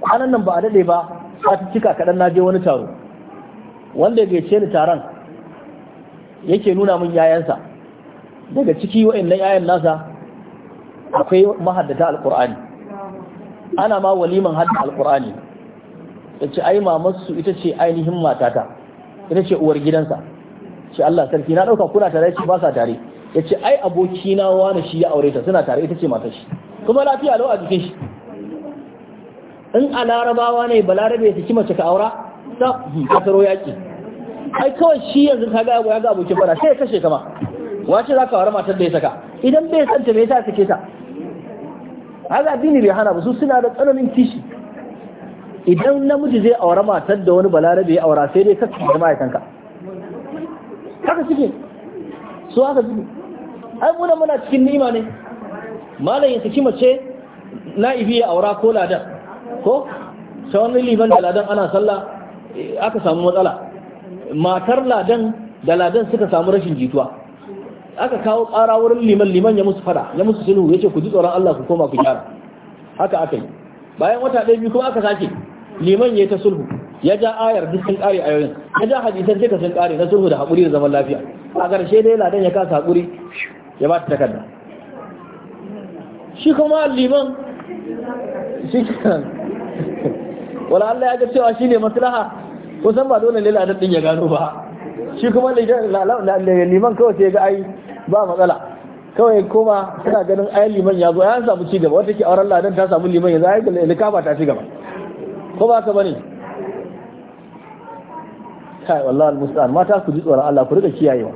Kwanan nan ba a dade ba a cika kaɗan na je wani taro wanda ya ce ni taron yake nuna min yayansa daga ciki wa'annan yayan nasa akwai mahaddata alqur'ani ana ma waliman hadda alqur'ani ta ce ai mamarsu ita ce ainihin matata ita ce uwar gidansa ce Allah sarki na ɗauka kuna tare shi ba sa tare yace ai aboki wani shi ya aure ta suna tare ita ce matar shi kuma lafiya lau a jikin shi in a larabawa ne balarabe ya saki mace ka aura ta hmm, kasaro yaki ai kawai shi yanzu ka ga ya ga abokin fara sai ya kashe kama wace za ka aure matar da ya saka idan bai san ta me yasa sake ta haka addini bai hana ba su suna da tsananin kishi idan namiji zai aure matar da wani balarabe ya aura sai dai ka da ma'aikanka haka suke su haka suke ai muna muna cikin nima ne malam ya saki mace na'ibi ya aura ko ladan ko sai wani liban da ladan ana sallah eh, aka samu matsala matar ladan da ladan suka samu rashin jituwa aka kawo ƙara wurin liman liman ya musu fada ya musu sulhu ya ce ku ji tsoron Allah ku koma ku gyara haka aka yi bayan wata ɗaya biyu kuma aka sake liman ya ta sulhu ya ja ayar duk sun kare ayoyin ya ja hadisan duka sun kare na sulhu da haƙuri da zaman lafiya a ƙarshe dai ladan ya kasa haƙuri ya ba ta takarda shi kuma liman shi kan wala Allah ya ga cewa shi ne maslaha kusan ba dole ne ladan din ya gano ba shi kuma liman kawai sai ga ai ba matsala kawai koma suna ganin ayan liman ya zo ya samu ci gaba wata ke auren ladan ta samu liman yanzu ayan likafa ta cigaba. gaba ko ba ka bane kai wallahi almusta'an mata ku ji tsoron Allah ku rika kiyayewa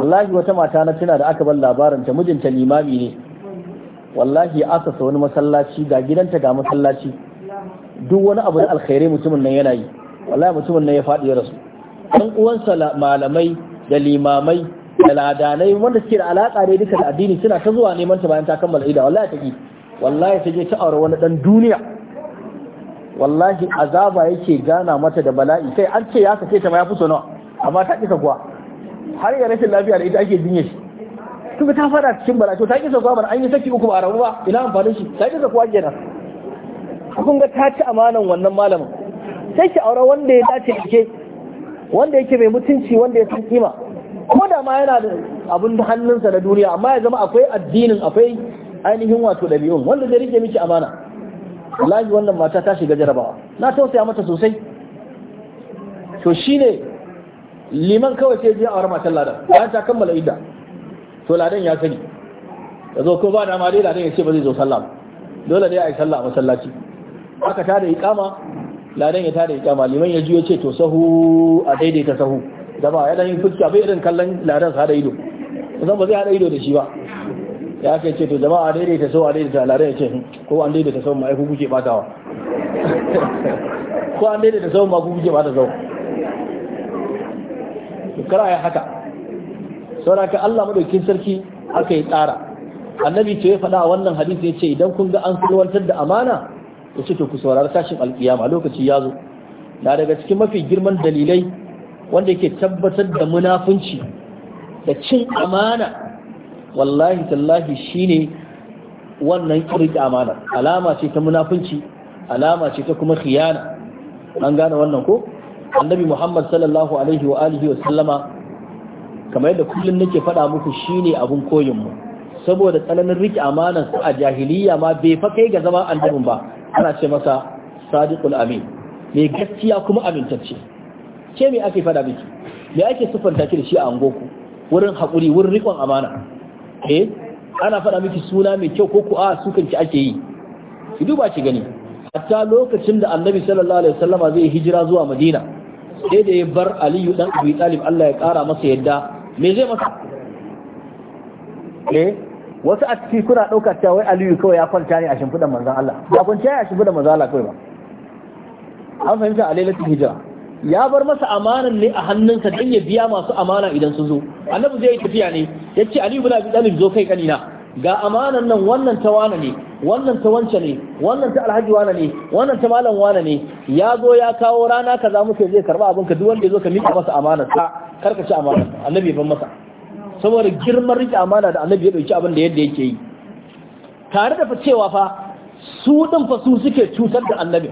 wallahi wata mata na tana da aka bar labarin ta mijinta limami ne wallahi aka sa wani masallaci ga gidanta ga masallaci duk wani abu da alkhairai mutumin nan yana yi wallahi mutumin nan ya faɗi ya rasu ɗan uwansa malamai da limamai da ladanai wanda suke da alaƙa ne duka da addini suna ta zuwa neman ta bayan ta kammala ida wallahi ta ki wallahi ta je ta aure wani ɗan duniya wallahi azaba yake gana mata da bala'i Sai an ce ya kace ta ma ya fito nawa amma ta kisa kuwa har ya rashin lafiya da ita ake jinye shi kuka ta fara cikin bala'i to ta kisa kuwa ban an yi saki uku ba rabu ba ina amfanin shi ta kisa kuwa kenan kun ga ta ci amanan wannan malamin sai ki aure wanda ya dace ke wanda yake mai mutunci wanda ya san kima ko da ma yana da abin hannunsa na duniya amma ya zama akwai addinin akwai ainihin wato dabi'un. wanda zai rike miki amana wallahi wannan mata ta shiga jarabawa na tausaya mata sosai to shine liman kawai sai je a war matan ladan bayan ta kammala idda to ladan ya sani ya zo ko ba da ma dai ladan ya ce ba zai zo sallah dole dai a yi sallah a masallaci aka tada iqama ladan ya tada iqama liman ya ji ce to sahu a daidaita sahu da ba ya dan yin fuska bai irin kallon ladan sa da ido zan ba zai hada ido da shi ba ya aka ce to jama'a daidaita so a daidaita alare ya ce ko an daidaita sau ma aiku kuke wa [laughs] ko an daidaita so ma kuke bata sau kara ya haka saboda ka Allah madaukin sarki aka yi tsara annabi ce ya faɗa wannan hadisi ya ce idan kun ga an kulwantar da amana ya ce to ku saurari tashin alkiyama lokaci ya zo na daga cikin mafi girman dalilai wanda yake tabbatar da munafunci da cin amana wallahi tallahi shine wannan kirki amana alama ce ta munafunci alama ce ta kuma khiyana an gane wannan ko annabi muhammad sallallahu alaihi wa alihi wa sallama kamar yadda kullun nake faɗa muku shine abun koyin mu saboda tsananin rike amanar a jahiliya ma bai fa ga zama annabin ba ana ce masa sadiqul amin mai gaskiya kuma amintacce ce me ake faɗa miki me ake sufanta ki da shi a angoku wurin haƙuri wurin rikon amana eh ana faɗa miki suna mai kyau ko ku a sukanki ake yi ki duba ki gani hatta lokacin da annabi sallallahu alaihi wasallama zai hijira zuwa madina sai da ya bar aliyu dan abi talib Allah ya kara masa yadda me zai masa eh wasu a cikin kuna ɗaukar cewa wai aliyu kawai ya kwanta ne a shimfidan manzon Allah ba kwanta ya shimfida manzon Allah kawai ba an fahimta a lailatul hijira ya bar masa amanan ne a hannunsa don ya biya masu amana idan sun zo annabi zai yi tafiya ne ya ce ali ibn abi talib zo kai kanina ga amanan nan wannan ta wana ne wannan ta wance ne wannan ta alhaji wana ne wannan ta malam wana ne ya zo ya kawo rana kaza muke zai karba abin ka duk wanda ya zo ka miƙa masa amanan. sa karka ci amanar annabi ya bar masa saboda girman rike amana da annabi ya dauki abin da yadda yake yi tare da cewa fa su din fa su suke cutar da annabi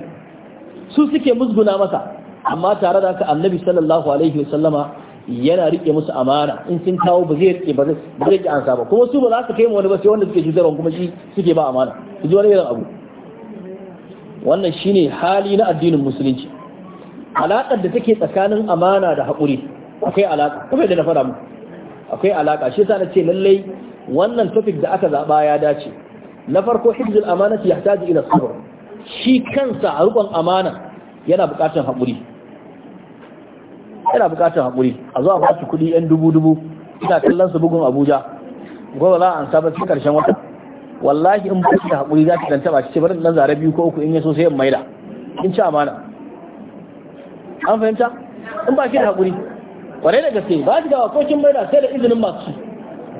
su suke musguna masa amma tare da aka annabi sallallahu alaihi wasallama yana rike musu amana in sun kawo ba zai rike ba zai rike ansa ba kuma su ba za su kai mu wani ba sai wanda suke judarwa kuma shi suke ba amana su ji wani irin abu wannan shine hali na addinin musulunci alaƙar da take tsakanin amana da haƙuri akwai alaƙa kuma da na fara mu akwai alaƙa shi yasa na ce lallai wannan topic da aka zaba ya dace na farko hibzul amanati yahtaji ila sabr shi kansa a riƙon amana yana buƙatar haƙuri yana bukatar hakuri a zuwa a ba su kuɗi yan dubu dubu ina kallon su bugun Abuja gwada za a ansa ba cikin karshen wata wallahi in ba da hakuri za ta dan taba ce bari dan zare biyu ko uku in so sai in maida in ci amana an fahimta in ba shi da hakuri kwarai da gaske ba shi gawa ko kin maida sai da izinin masu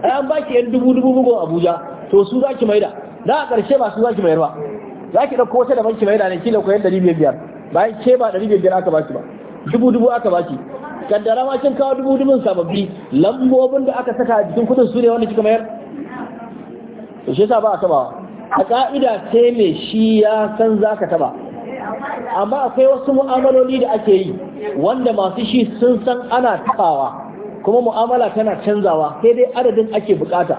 ai an baki yan dubu dubu bugun Abuja to su za ki maida da a karshe ba su za ki mayarwa? ba za ki dauko wata daban ki maida ne kila ko yan biyar bayan ke ba 500 aka ba ki ba dubu dubu aka baki kaddara ma kin kawo dubu dubun sababbi lambobin da aka saka a jikin kudin su ne wanda kika mayar to shi yasa ba a taba a ka'ida sai me shi ya san zaka taba amma akwai wasu mu'amaloli da ake yi wanda masu shi sun san ana tabawa kuma mu'amala tana canzawa sai dai adadin ake bukata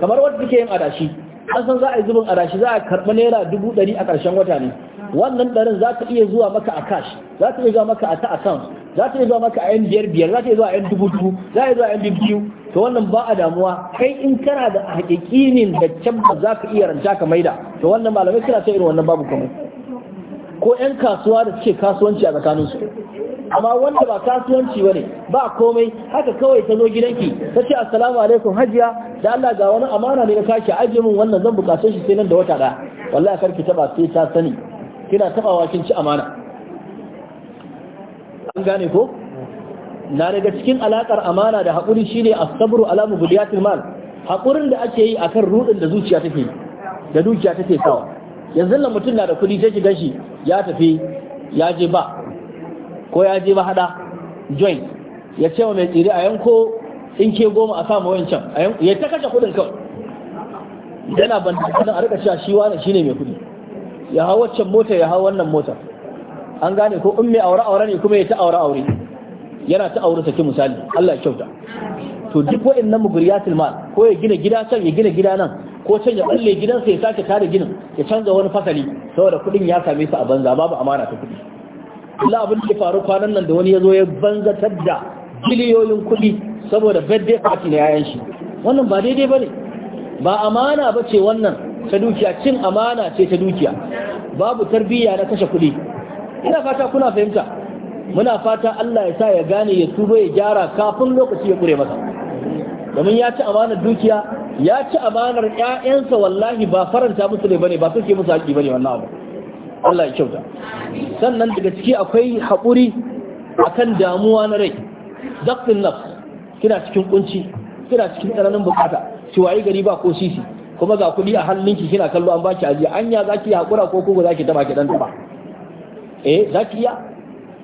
kamar wanda kike yin adashi an san za a yi zubin adashi za a karɓi naira dubu ɗari a ƙarshen wata ne wannan ɗarin za ta iya zuwa maka a cash za ta iya zuwa maka a ta account za ta iya zuwa maka a yan biyar biyar za ta iya zuwa a yan dubu dubu za ta iya zuwa a yan biyu to wannan ba a damuwa kai in kana da haƙiƙinin da can ba za ka iya ranta ka maida to wannan malamai suna ta irin wannan babu kamar ko yan kasuwa da suke kasuwanci a tsakaninsu amma wanda ba kasuwanci bane ba komai haka kawai ta zo gidanki ta ce assalamu alaikum hajiya da Allah ga wani amana ne na kashi ajiye min wannan zan bukace shi sai nan da wata ɗaya wallahi karki taba sai ta sani kina tabawa kin ci amana an gane ko na daga cikin alakar amana da haƙuri shine as-sabru ala mubdiyatil mal haƙurin da ake yi akan rudin da zuciya take da dukiya take sawa yanzu nan mutum na da kuɗi sai ki gashi ya tafi ya je ba ko ya je ba hada join ya ce wa mai tsiri a yanko in ke goma a samu wancan ya ta kashe kuɗin kawai yana ban a rika cewa shi wani shine mai kuɗi ya hau waccan mota ya hau wannan mota an gane ko in mai aure aure ne kuma ya ta aure aure yana ta aure saki misali Allah ya kyauta to duk wa'annan muguriyatul mal ko ya gina gida can ya gina gida nan ko can ya balle sa ya sake tare ginin ya canza wani fasali saboda kudin ya same su a banza babu amana ta kudi Allah abin da faru kwanan nan da wani ya zo ya banzatar da biliyoyin kudi saboda birthday party na yayan shi wannan ba daidai bane ba amana ba ce wannan ta dukiya cin amana ce ta dukiya babu tarbiyya na kashe kuɗi ina fata kuna fahimta muna fata Allah ya sa ya gane ya tuba ya gyara kafin lokaci ya kure masa domin ya ci amanar dukiya ya ci amanar ƴaƴansa wallahi ba faranta musu ne bane ba suke musu haƙi bane wannan Allah ya kyauta sannan daga ciki akwai haƙuri akan damuwa na rai daqtin nafs kina cikin kunci kina cikin tsananin bukata ki wayi gari ba ko sisi kuma ga kuɗi a hannunki kina kallo an baki ajiya anya za ki haƙura ko kuma za taba ki dan taba eh za ki iya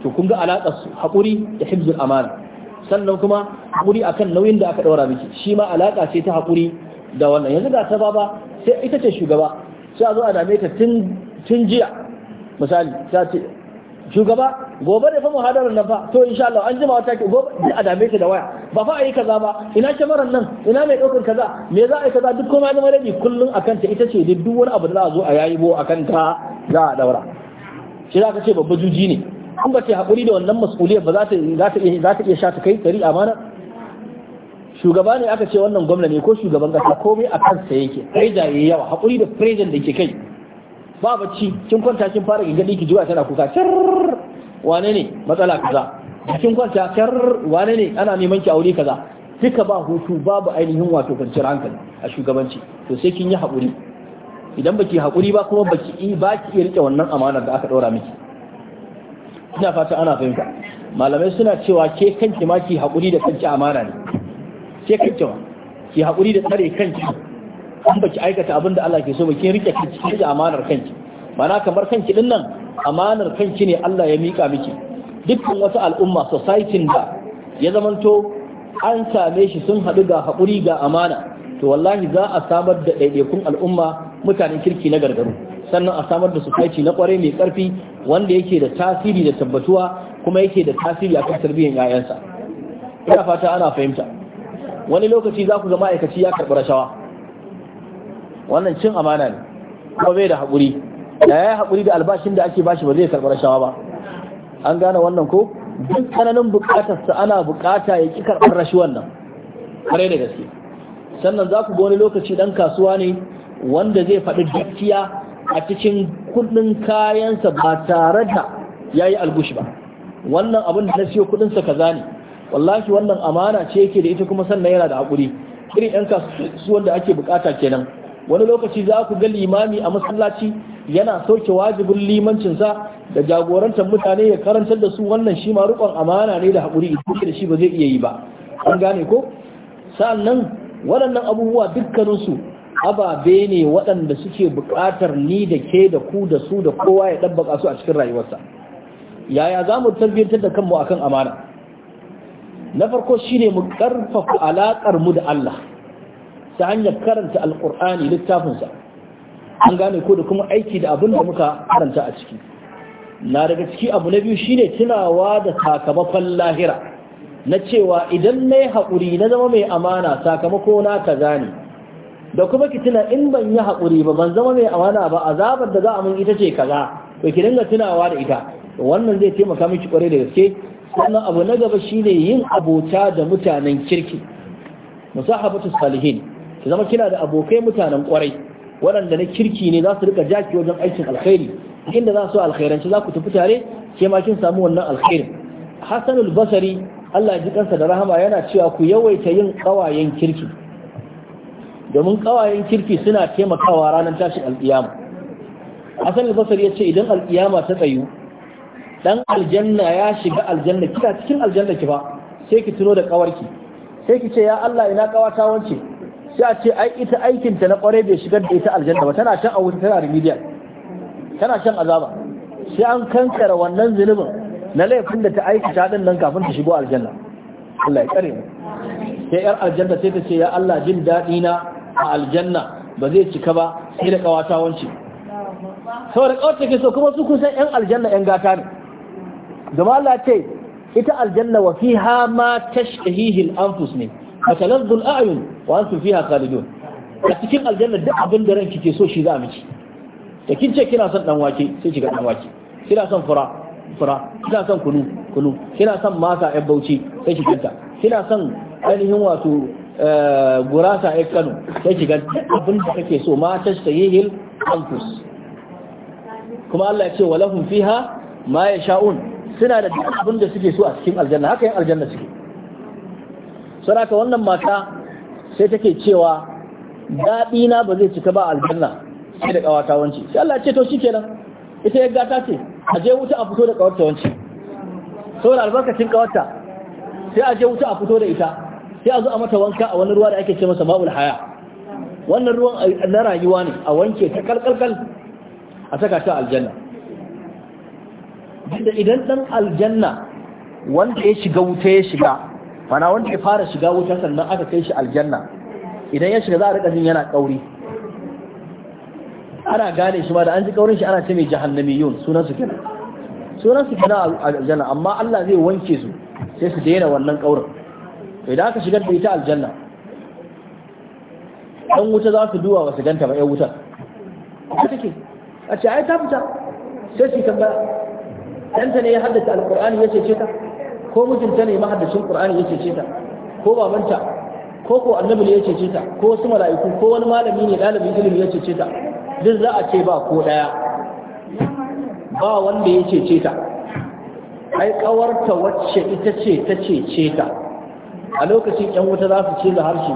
to kun ga alaƙar su haƙuri da hibzul amana sannan kuma haƙuri akan nauyin da aka ɗaura miki shi ma alaka ce ta hakuri da wannan yanzu ga ta baba sai ita ce shugaba sai a zo a dame ta tun jiya misali ta shugaba gobe da fa muhadarar nan fa to insha Allah an jima wata ke gobe a dame ta da waya ba fa ayi kaza ba ina maran nan ina mai daukar kaza me za a yi kaza duk komai zama rabi kullun akan ta ita ce duk wani abu da za a zo a yayi bo akan ta za a daura shi za ka ce babba juji ne an ba ce hakuri da wannan mas'uliyar ba za ta iya sha ta kai tari amana shugaba ne aka ce wannan gwamna ne ko shugaban kasa komai akan sa yake kai jaye yawa hakuri da president da ke kai ba bacci kin kwanta kin fara gingadi ki jiwa tana kuka tar wane ne matsala kaza kin kwanta tar wane ne ana neman ki aure kaza duka ba hutu babu ainihin wato kwanciyar hankali a shugabanci to sai kin yi haƙuri idan baki haƙuri ba kuma baki ba ki iya rike wannan amana da aka daura miki ina fata ana fahimta malamai suna cewa ke kanki ma ki haƙuri da kanki amana ne ke kanki ma ki haƙuri da tsare kanki an baki aikata abin da Allah ke so baki, kin rike kanki da amanar kanki mana kamar kanki din nan amanar kanki ne Allah ya mika miki dukkan wasu al'umma society da ya zamanto an same shi sun hadu ga hakuri ga amana to wallahi za a samar da ɗaiɗaikun al'umma mutanen kirki na gargaru sannan a samar da society na ƙwarai mai karfi wanda yake da tasiri da tabbatuwa kuma yake da tasiri akan tarbiyyar 'ya'yansa ina fata ana fahimta wani lokaci za ku ga ma'aikaci ya karɓi rashawa wannan cin amana ne kuma bai da haƙuri da ya yi haƙuri da albashin da ake bashi ba zai karɓar rashawa ba an gane wannan ko duk tsananin bukatarsa ana buƙata ya ƙi karɓar rashuwan nan kare da gaske sannan za ku ga wani lokaci ɗan kasuwa ne wanda zai faɗi dukiya a cikin kuɗin kayansa ba tare da ya yi albushi ba wannan abin da na siyo kuɗinsa kaza ne wallahi wannan amana ce yake da ita kuma sannan yana da haƙuri irin 'yan kasuwan da ake buƙata kenan wani lokaci za ku ga limami a masallaci yana soke wajibin limancinsa da jagorantar mutane ya karantar da su wannan shi ma rukon amana ne da haƙuri da shi ba zai iya yi ba an gane ko sa'annan waɗannan abubuwa dukkaninsu ababe ne waɗanda suke buƙatar ni da ke da ku da su da kowa ya ɗabbaka su a cikin rayuwarsa yaya za mu tarbiyyantar da kanmu akan amana na farko shine mu ƙarfafa alaƙar mu da Allah ta hanyar karanta alkur'ani littafinsa an gane ko da kuma aiki da abin da muka karanta a ciki na daga ciki abu na biyu shine tunawa da sakamakon lahira na cewa idan na yi haƙuri na zama mai amana sakamako na kaza ne da kuma ki tuna in ban yi haƙuri ba ban zama mai amana ba azabar da za a min ita ce kaza to ki dinga tunawa da ita wannan zai taimaka miki kwarai da gaske sannan abu na gaba shine yin abota da mutanen kirki musahabatu salihin ki zama kina da abokai mutanen kwarai waɗanda na kirki ne za su rika jaki wajen aikin alkhairi inda za su alkhairanci za ku tafi tare ke ma kin samu wannan alkhairin hasanul basari Allah ji kansa da rahama yana cewa ku yawaita yin kawayen kirki domin kawayen kirki suna taimakawa ranar tashin alkiyama hasanul basari ya ce idan alkiyama ta tsayu dan aljanna ya shiga aljanna kina cikin aljanna ki ba sai ki tuno da kawarki sai ki ce ya Allah ina kawata wance sai a ce ai ita aikin ta na kwarai bai shigar da ita aljanna ba tana can a wuta tana remedial tana can azaba sai an kankara wannan zunubin na laifin da ta aikata din nan kafin ta shigo aljanna Allah ya kare mu sai yar aljanna sai ta ce ya Allah jin daɗi na a aljanna ba zai cika ba sai da kawata wance saboda kawata ke so kuma su kusan yan aljanna yan gata ne gama Allah ce ita aljanna wa fiha ma tashtahihi al-anfus ne matalan dhul a'yun wa antum fiha khalidun a cikin aljanna duk abin da ranki ke so shi za miki da kin ce kina son dan wake sai ki ga dan wake kina son fura fura kina son kunu kunu kina son masa yan bauchi sai ki ta kina son ainihin wato eh, gurasa yan Kano sai ki abin da kake so ma sayyihil anfus kuma Allah ya ce walahum fiha ma yasha'un suna da duk abin da suke so a cikin aljanna haka yan aljanna suke saboda wannan mata sai take cewa daɗi na ba zai cika ba aljanna sai da kawata wance sai Allah ce to shikenan ita ya gata ce a je wuta a fito da kawata wance saboda albarkacin kawata sai a je wuta a fito da ita sai a zo a mata wanka a wani ruwa da ake ce masa ma'ul haya wannan ruwan na rayuwa ne a wanke ta kalkalkal a saka ta aljanna da idan dan aljanna wanda ya shiga wuta ya shiga mana wanda ya fara shiga wuta sannan aka kai shi aljanna idan ya shiga za a rika jin yana kauri ana gane shi ma da an ji kaurin shi ana ce mai jahannamiyun sunan su kenan sunan su kenan aljanna amma Allah zai wanke su sai su daina wannan kaurin idan aka shigar da ita aljanna dan wuta za su duwa wasu ganta ba 'yan wutar ta take a ce ai ta fita sai shi tambaya danta ne ya haddace alqur'ani ya ce ce ta ko mutunta ne mahaddashin qur'ani ya cece ta ko babanta ko ko annabi ne ya cece ta ko wasu mala'iku ko wani malami ne dalibin ilimi ya cece ta duk za a ce ba ko daya ba wanda ya cece ta ai kawarta wacce ita ce ta cece ta a lokacin yan wuta za su ce da harshe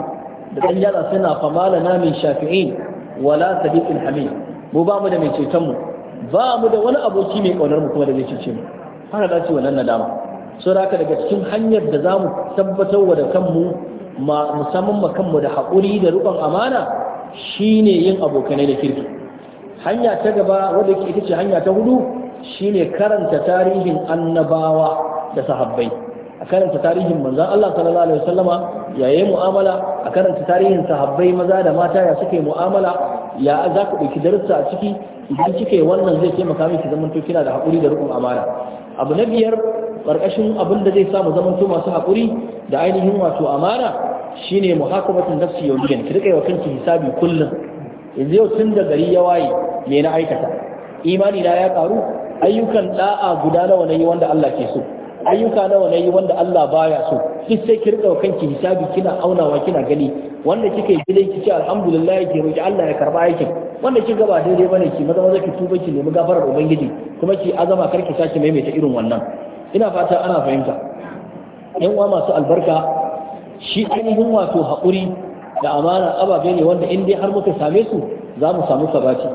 da dan yada suna famala na min shafi'in wala sadiqin hamid mu ba mu da mai ceton mu ba mu da wani aboki mai kaunar mu kuma da zai cece mu har da ci wannan nadama so daga cikin hanyar da za mu tabbatar da kanmu musamman ma kanmu da haƙuri da riƙon amana shine yin abokanai da kirki hanya ta gaba wadda ita ce hanya ta hudu shine karanta tarihin annabawa da sahabbai a karanta tarihin manzon Allah sallallahu alaihi wasallama yayin mu'amala a karanta tarihin sahabbai maza da mata ya suke mu'amala ya za ku ɗauki darussa a ciki idan kike wannan zai taimaka miki zaman to kina da haƙuri da rukun amana abu na biyar ƙarƙashin abin da zai sa mu su masu haƙuri da ainihin wato amana shine muhakamatun nafsi yawmiyan ki rika wa kanki hisabi kullum yanzu yau tun da gari ya waye me na aikata imani na ya karu ayyukan da'a guda nawa yi wanda Allah ke so ayyuka nawa nayi wanda Allah baya so duk sai ki rika kanki hisabi kina aunawa kina gani wanda kika yi ki ce alhamdulillah ki roki Allah ya karba aikin wanda kika ba daidai bane ki maza maza ki tuba ki nemi gafarar ubangiji kuma ki azama karki sake maimaita irin wannan ina fata ana fahimta yan uwa masu albarka shi ainihin wato haƙuri da amana ababe ne wanda in dai har muka same su za mu samu sabaci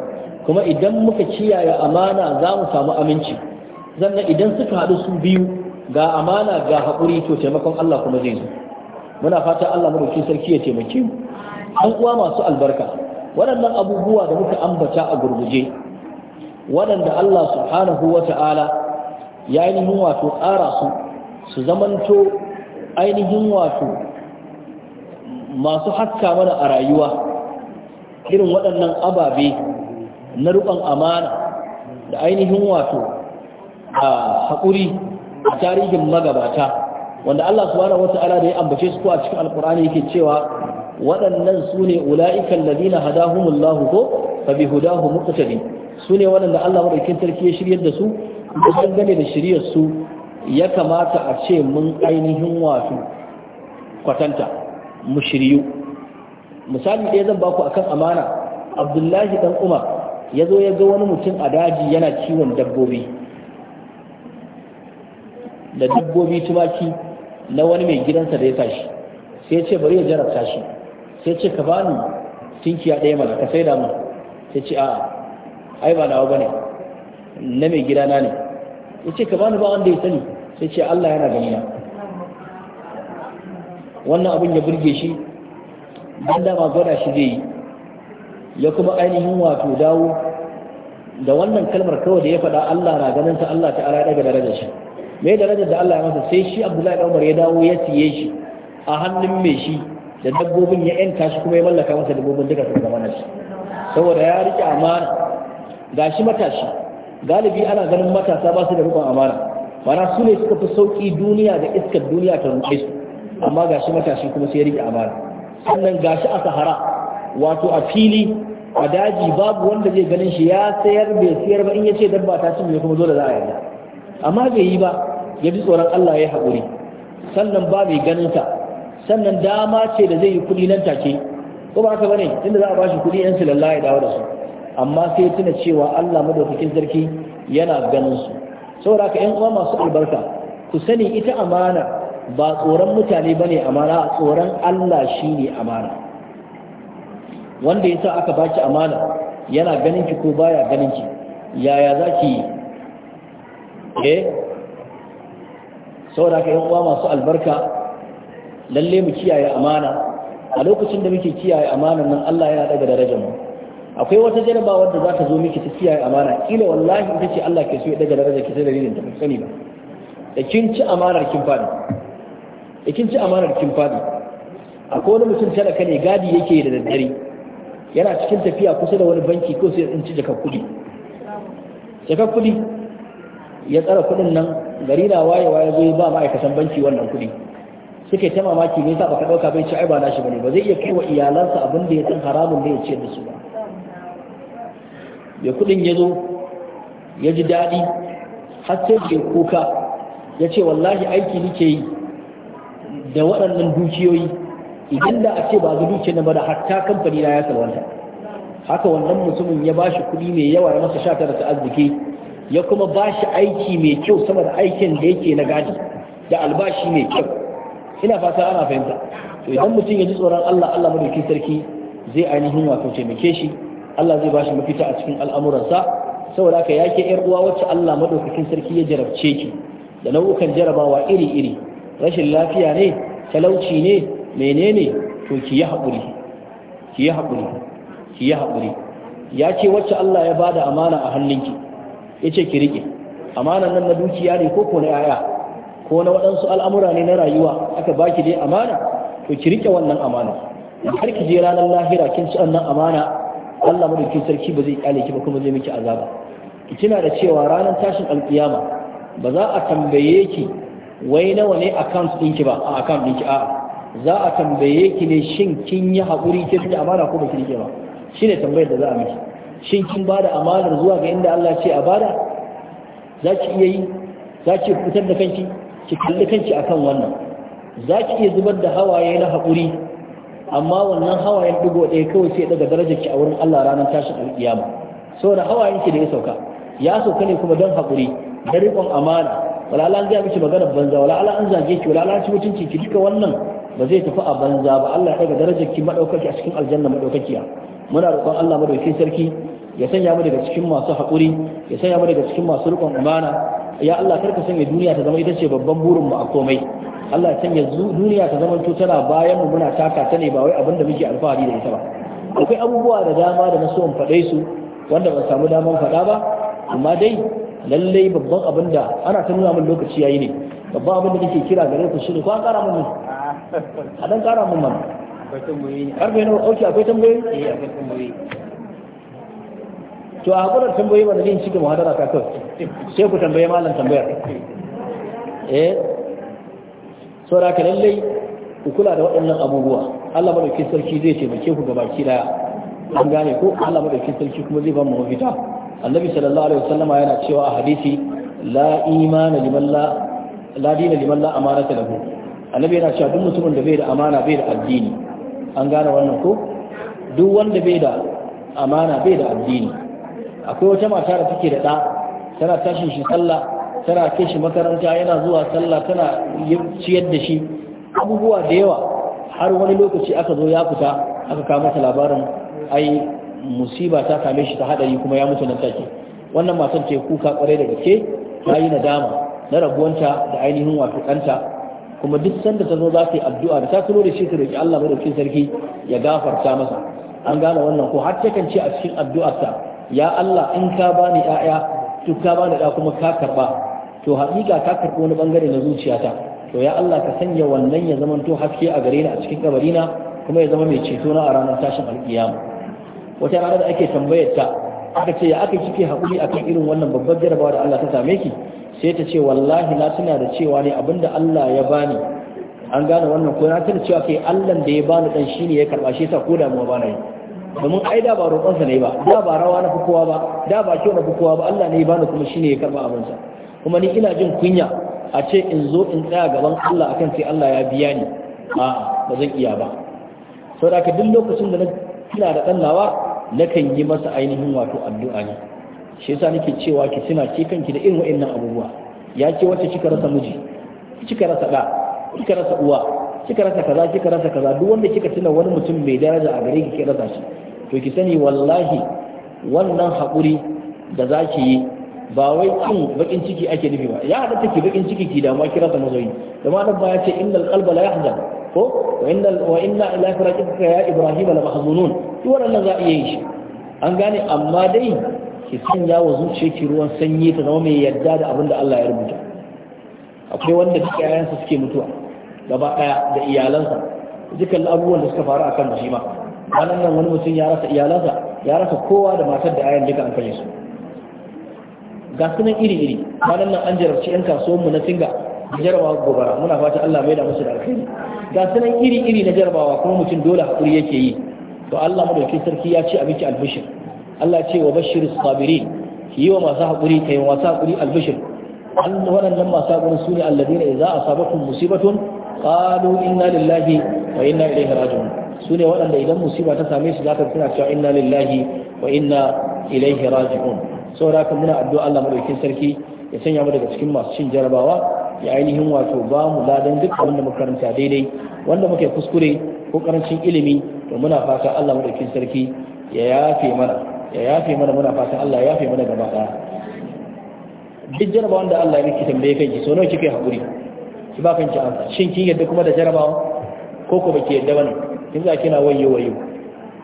kuma idan muka kiyaye amana za mu samu aminci sannan idan suka haɗu su biyu ga amana ga haƙuri to taimakon Allah kuma zai zo muna fata Allah madauki sarki ya taimake mu an uwa masu albarka waɗannan abubuwa da muka ambata a gurguje waɗanda Allah subhanahu wa ta'ala ya ainihin wato ƙara su su zamanto ainihin wato masu haska mana a rayuwa irin waɗannan ababe na rukon amana da ainihin wato a haƙuri a tarihin magabata wanda Allah subhanahu wata'ala da ya ambace su ko a cikin alkur'ani yake cewa waɗannan su ne ula'ikan ladina hadahumullahu ko fa bihudahu muqtadi su ne waɗanda Allah maɗaukin sarki ya shirya da su da dangane da shiryar su ya kamata a ce mun ainihin wasu kwatanta mu shiryu misali ɗaya zan baku akan amana abdullahi dan umar ya zo ya ga wani mutum a daji yana kiwon dabbobi da dabbobi tumaki na wani mai gidansa da ya tashi sai ce bari ya jarabta shi sai ce ka bani tinkiya ɗaya mana ka sai da sai ce a'a ai ba nawa bane na mai gidana ne yace ka bani ba wanda ya sani sai ce Allah yana gani na wannan abin ya burge shi dan da gwada shi zai yi ya kuma ainihin wato dawo da wannan kalmar kawai da ya faɗa Allah na ganin ta Allah ta ya daga darajar shi me darajar da Allah ya masa sai shi Abdullahi Umar ya dawo ya siye shi a hannun mai shi da dabbobin ya yanka shi kuma ya mallaka masa dabbobin duka su zama shi saboda ya rike amana shi matashi galibi ana ganin matasa ba su da rikon amana mana su ne suka fi sauki duniya da iskar duniya ta rufe su amma shi matashi kuma sai ya rike amana sannan shi a sahara wato a fili a daji babu wanda zai ganin shi ya sayar bai sayar ba in ya ce dabba ta cinye kuma zo da za a yarda amma bai yi ba ya bi tsoron Allah ya haƙuri sannan ba mai ganin sa sannan dama ce da zai yi kuɗi nan take ko ba haka bane inda za a bashi kuɗi yan silalla ya dawo da su amma sai tuna cewa Allah madaukakin sarki yana ganin su saboda ka ƴan uwa masu albarka ku sani ita amana ba tsoron mutane bane amana tsoron Allah shine amana wanda yasa aka baki amana yana ganin ki ko baya ganin ki yaya zaki eh saboda ka ƴan uwa masu albarka lalle mu kiyaye amana a lokacin da muke kiyaye amanan nan Allah yana daga darajar mu akwai wata jarabawar da za ta zo miki ta kiyaye amana kila wallahi ita ce Allah ke so ya daga daraja ki ta dalilin da ba sani ba da kin ci amanar kin fadi da kin ci amanar kin fadi akwai wani mutum talaka ne gadi yake da daddare yana cikin tafiya kusa da wani banki ko sai in ci jakar kudi jakar kudi ya tsara kudin nan gari na waye waye zai ba ma'aikatan banki wannan kudi suke ta mamaki ne sa baka dauka bai ci ai ba nashi bane ba zai iya kai wa iyalansa abin da ya san haramun ne ya ce da su ba ya kudin ya zo ya ji daɗi har sai kuka ya ce wallahi aiki nike yi da waɗannan dukiyoyi idan da a ce ba zu dukiya ba da hatta kamfani na ya salwanta haka wannan mutumin ya ba shi kuɗi mai yawa ya masa shatar ta arziki ya kuma ba shi aiki mai kyau sama da aikin da yake na gadi da albashi mai kyau ina fata ana fahimta to idan mutum ya ji tsoron Allah Allah madauki sarki zai ainihin wato taimake shi Allah zai ba shi mafita a cikin al'amuransa saboda haka yake yar uwa wacce Allah madaukakin sarki ya jarabce ki da nau'ukan jarabawa iri-iri rashin lafiya ne talauci ne menene to ki yi haƙuri ki yi haƙuri ki yi haƙuri ya ce wacce Allah ya bada amana a hannunki ya ce ki riƙe amanan nan na dukiya ne ko ko na yaya ko na waɗansu al'amura ne na rayuwa aka baki dai amana to ki riƙe wannan amana har ki je ranar lahira kin ci wannan amana Allah madaukin sarki ba zai kyale ki ba kuma zai miki azaba Kina da cewa ranar tashin alkiyama ba za a tambaye ki wai nawa ne account dinki ba a account dinki. a'a za a tambaye ki ne shin kin yi haƙuri ke da amana ko ki rike ba shine tambayar da za a miki shin kin bada amanar zuwa ga inda Allah ce a bada za ki iya yi za ki fitar da kanki ki kalli kanki akan wannan za ki iya zubar da hawaye na haƙuri amma wannan hawayen digo ɗaya kawai sai daga darajar ki a wurin Allah ranar tashin alƙiyama saboda hawayen ki da ya sauka ya sauka ne kuma don haƙuri da riƙon amana wala an ga miki magana banza wala allah an zage ki wala ci mutunci ki duka wannan ba zai tafi a banza ba Allah ya daga darajar ki madaukaki a cikin aljanna madaukakiya muna roƙon Allah madaukakin sarki ya sanya mu daga cikin masu haƙuri ya sanya mu daga cikin masu riƙon amana ya Allah karka sanya duniya ta zama ita ce babban burin mu a komai Allah ya sanya duniya ta zama tana bayan mu muna taka ta ne ba wai abin da muke alfahari da ita ba akwai abubuwa da dama da na so in faɗe su wanda ban samu daman faɗa ba amma dai lallai babban abin da ana ta nuna min lokaci yayi ne babban abin da nake kira gare ku shine ko an ƙara mun a dan ƙara mun mana karfe nawa ɗauki akwai tambayoyi eh akwai tambayoyi to a hakurar tambayi ba da jin cikin muhadara ta kawai sai ku tambaye malam tambayar eh so da ka lallai ku kula da waɗannan abubuwa Allah madaukakin sarki zai taimake ku ga baki daya an gane ko Allah madaukakin sarki kuma zai ban mu mafita annabi sallallahu alaihi wasallam yana cewa a hadisi la imana liman la la dina liman la amanata lahu annabi yana cewa duk mutumin da bai da amana bai da addini an gane wannan ko duk wanda bai da amana bai da addini akwai wata mata da take da ɗa tana tashin shi sallah tana kai shi makaranta yana zuwa sallah tana ciyar da shi abubuwa da yawa har wani lokaci aka zo ya fita aka kama masa labarin ai musiba ta same shi ta hadari kuma ya mutu nan take wannan matan ce kuka kwarai da gaske ta yi nadama na rabuwanta da ainihin wato kanta kuma duk sanda ta zo za ta yi addu'a da ta kuro da shi ta roki Allah madaukakin sarki ya gafarta masa an gane wannan ko har takan ce a cikin addu'arta ya Allah in ka bani ƴaƴa to ka bani da kuma ka karba to haƙiƙa ka karbi wani bangare na zuciyata to ya Allah ka sanya wannan ya zama to haske a gare ni a cikin na kuma ya zama mai ceto na a ranar tashin alƙiyama wata rana da ake tambayar ta aka ce ya aka kike haƙuri akan irin wannan babbar jarabawa da Allah ta same ki sai ta ce wallahi na tana da cewa ne abinda Allah ya bani an gane wannan ko na tuna cewa kai Allah da ya bani dan shine ya karba shi yasa ko damuwa na yi domin ai da ba roƙonsa ne ba da ba rawa na kowa ba da ba kyau na kowa ba Allah ne ya bani kuma shine ya karba abinsa kuma ni ina jin kunya a ce in zo in tsaya gaban Allah akan sai Allah ya biya ni a ba zan iya ba saboda ka duk lokacin da na kina da na kan yi masa ainihin wato addu'a ne shi yasa nake cewa ki tuna ke kanki da irin wa'annan abubuwa ya ce wacce kika rasa miji kika rasa da kika rasa uwa kika rasa kaza kika rasa kaza duk wanda kika tuna wani mutum mai daraja a gare ki ki rasa shi to ki sani wallahi wannan haƙuri da za ki yi ba wai kin bakin ciki ake nufi ba ya hada take bakin ciki ki damuwa kira ta mazoyi kuma nan ba ya ce innal qalba la yahzan ko wa inna wa inna ila ya ibrahim la mahzunun to wannan za a yi shi an gane amma dai ki sanya wa zuciyarki ruwan sanyi ta zama mai yarda da abin da Allah ya rubuta akwai wanda duk yayansa suke mutuwa gaba ɗaya da iyalansa dukkan abubuwan da suka faru a shi ma ranar nan wani mutum ya rasa iyalansa ya rasa kowa da matar da ayan duka an kashe su ga sunan iri iri ranar nan an jarabci yan mu na singa jarabawa gobara muna fata Allah mai da musu da alkhairi ga sunan iri iri na jarabawa kuma mutum dole hakuri yake yi to Allah madaukakin sarki ya ce abiki albishir Allah ya ce wa bashir sabirin yi wa masu haƙuri kai wa masu hakuri albishir waɗannan masu hakuri ne alladina idza asabakum musibatun qalu inna lillahi wa inna ilaihi raji'un su ne waɗanda idan musiba ta same su zaka suna cewa inna lillahi wa inna ilaihi raji'un saboda haka muna addu'a Allah madaukakin sarki ya sanya mu daga cikin masu cin jarabawa ya ainihin wato ba mu ladan duk abin da makaranta daidai wanda muke kuskure ko karancin ilimi to muna fata Allah madaukakin sarki ya yafe mana muna Allah yafe mana duk jarabawan da Allah ya miki tambaye kai ki so nawa kike hakuri ki ba ci amsa shin kin yadda kuma da jarabawa ko ko baki yadda bane kin za kina wayo wayo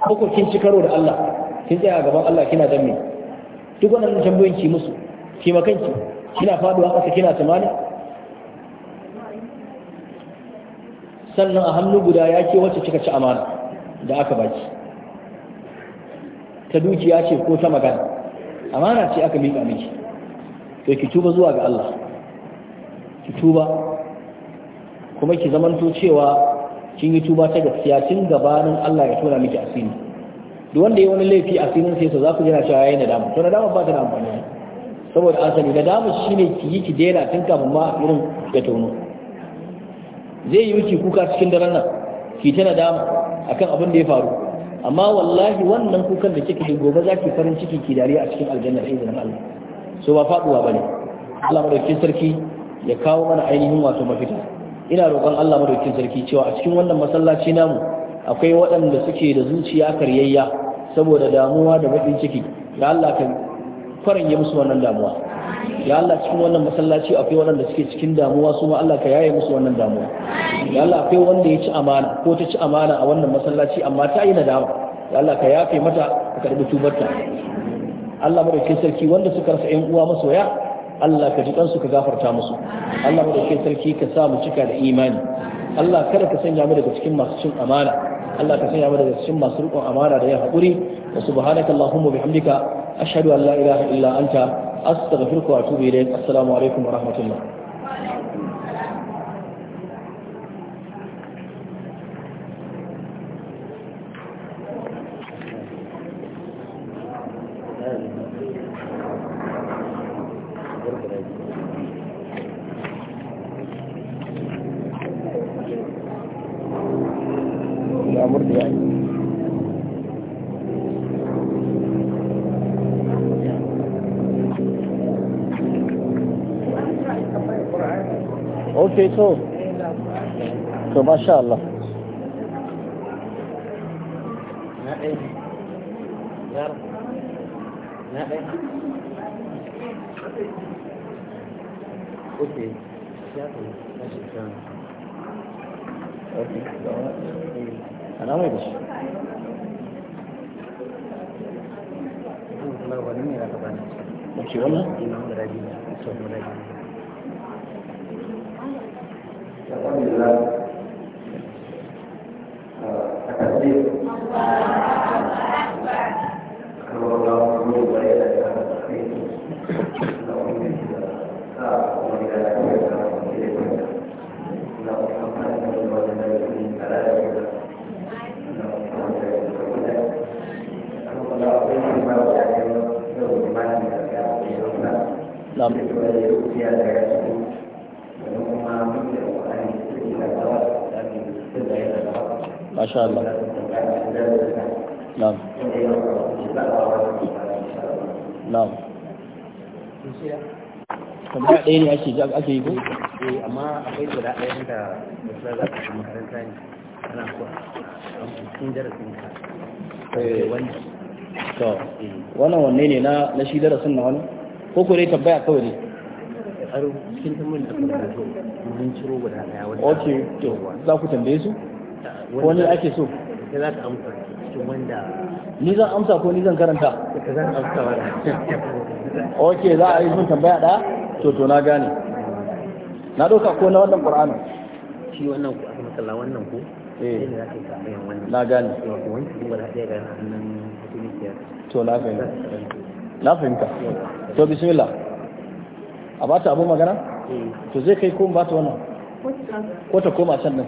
ko ko kin ci karo da Allah kin tsaya a gaban Allah kina danne duk wannan tambayoyin ki musu ki ma kanki kina faduwa kasa kina tumani sannan a hannu guda ya ke wacce kika ci amana da aka baki ta dukiya ce ko ta magana amana ce aka miƙa miki to ki tuba zuwa ga Allah ki tuba kuma ki zamanto cewa kin yi tuba ta gaskiya tun gabanin Allah ya tura miki asiri duk wanda ya wani laifi asirin sai to za ku jira cewa yayi nadama to nadama ba ta da amfani saboda asali nadama shine ki yi ki daina tun kafin ma irin ya tono zai yi ki kuka cikin daren nan ki ta nadama akan abin da ya faru amma wallahi wannan kukan da kika yi gobe za ki farin ciki ki dariya a cikin aljanna da izinin Allah so ba faduwa bane Allah madaukakin sarki ya kawo mana ainihin wato mafita ina roƙon Allah madaukakin sarki cewa a cikin wannan masallaci namu akwai waɗanda suke da zuciya karyayya saboda damuwa da baƙin ciki ya Allah ka faranye musu wannan damuwa ya Allah cikin wannan masallaci akwai waɗanda suke cikin damuwa su ma Allah ka yaye musu wannan damuwa ya Allah akwai wanda ya ci amana ko ta ci amana a wannan masallaci amma ta yi nadama ya Allah ka yafe mata ka karɓi tubarta Allah madaukakin sarki wanda suka rasa ƴan uwa masoya Allah ka ji kansu ka gafarta musu Allah mu dauke sarki ka sa mu cika da imani Allah kada ka sanya mu daga cikin masu cin amana Allah ka sanya mu daga cikin masu rukun amana da ya hakuri wa subhanaka allahumma bihamdika ashhadu an la ilaha illa anta astaghfiruka wa atubu ilayk assalamu alaikum wa rahmatullah kake so to masha Allah Okay. أنا ما يدش yang kami bilang masha Allah na'am na'am tambaya ɗaya ne ake ji ake yi ko eh, amma akwai guda ɗaya da musulun za ta makaranta ne ana kuwa cikin darasin ka eh. wani to eh. wannan wanne ne na shi darasin na wani ko kuwa dai tambaya kawai ne aro cikin tambayin da kuma da mun ciro guda ɗaya wani ok to za ku tambaye su wani ake so da za ka amsa cikin wanda ni zan amsa ko ni zan karanta ka zan amsa ba ok za a yi sun tambaya da to to na gane na doka ko na wannan qur'ani shi wannan ku aka masalla wannan ku eh ne za ka tambaya wannan na gane to wani kuma da ya ga nan to na fahimta na fahimta to bismillah a ba ta abu magana eh. to zai kai ko ba ta wannan ko ta koma can nan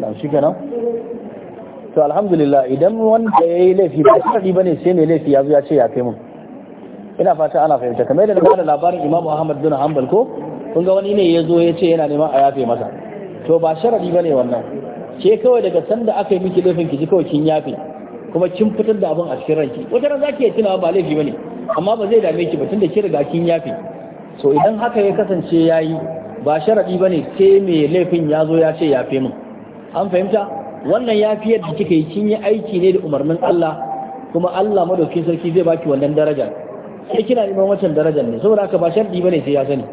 na shi nan to alhamdulillah idan wanda ya yi laifi ba shi ba ne sai mai laifi ya zo ya ce ya kai mun ina fata ana fahimta kamar yadda na da labarin imamu ahmad bin hanbal ko kun ga wani ne ya zo ya ce yana neman a yafe masa to ba sharadi ba ne wannan ke kawai daga sanda aka yi miki laifin ki ji kawai kin yafe kuma kin fitar da abin a cikin ranki wata ran ki iya tunawa ba laifi bane amma ba zai dame ki ba tunda ki riga kin yafe so idan haka ya kasance yayi ba sharadi bane sai mai laifin ya zo ya ce yafe min an fahimta wannan ya fi yadda kika yi kin yi aiki ne da umarnin Allah kuma Allah madaukin sarki zai baki wannan darajar sai kina neman wancan darajar ne saboda haka ba sharɗi bane sai ya sani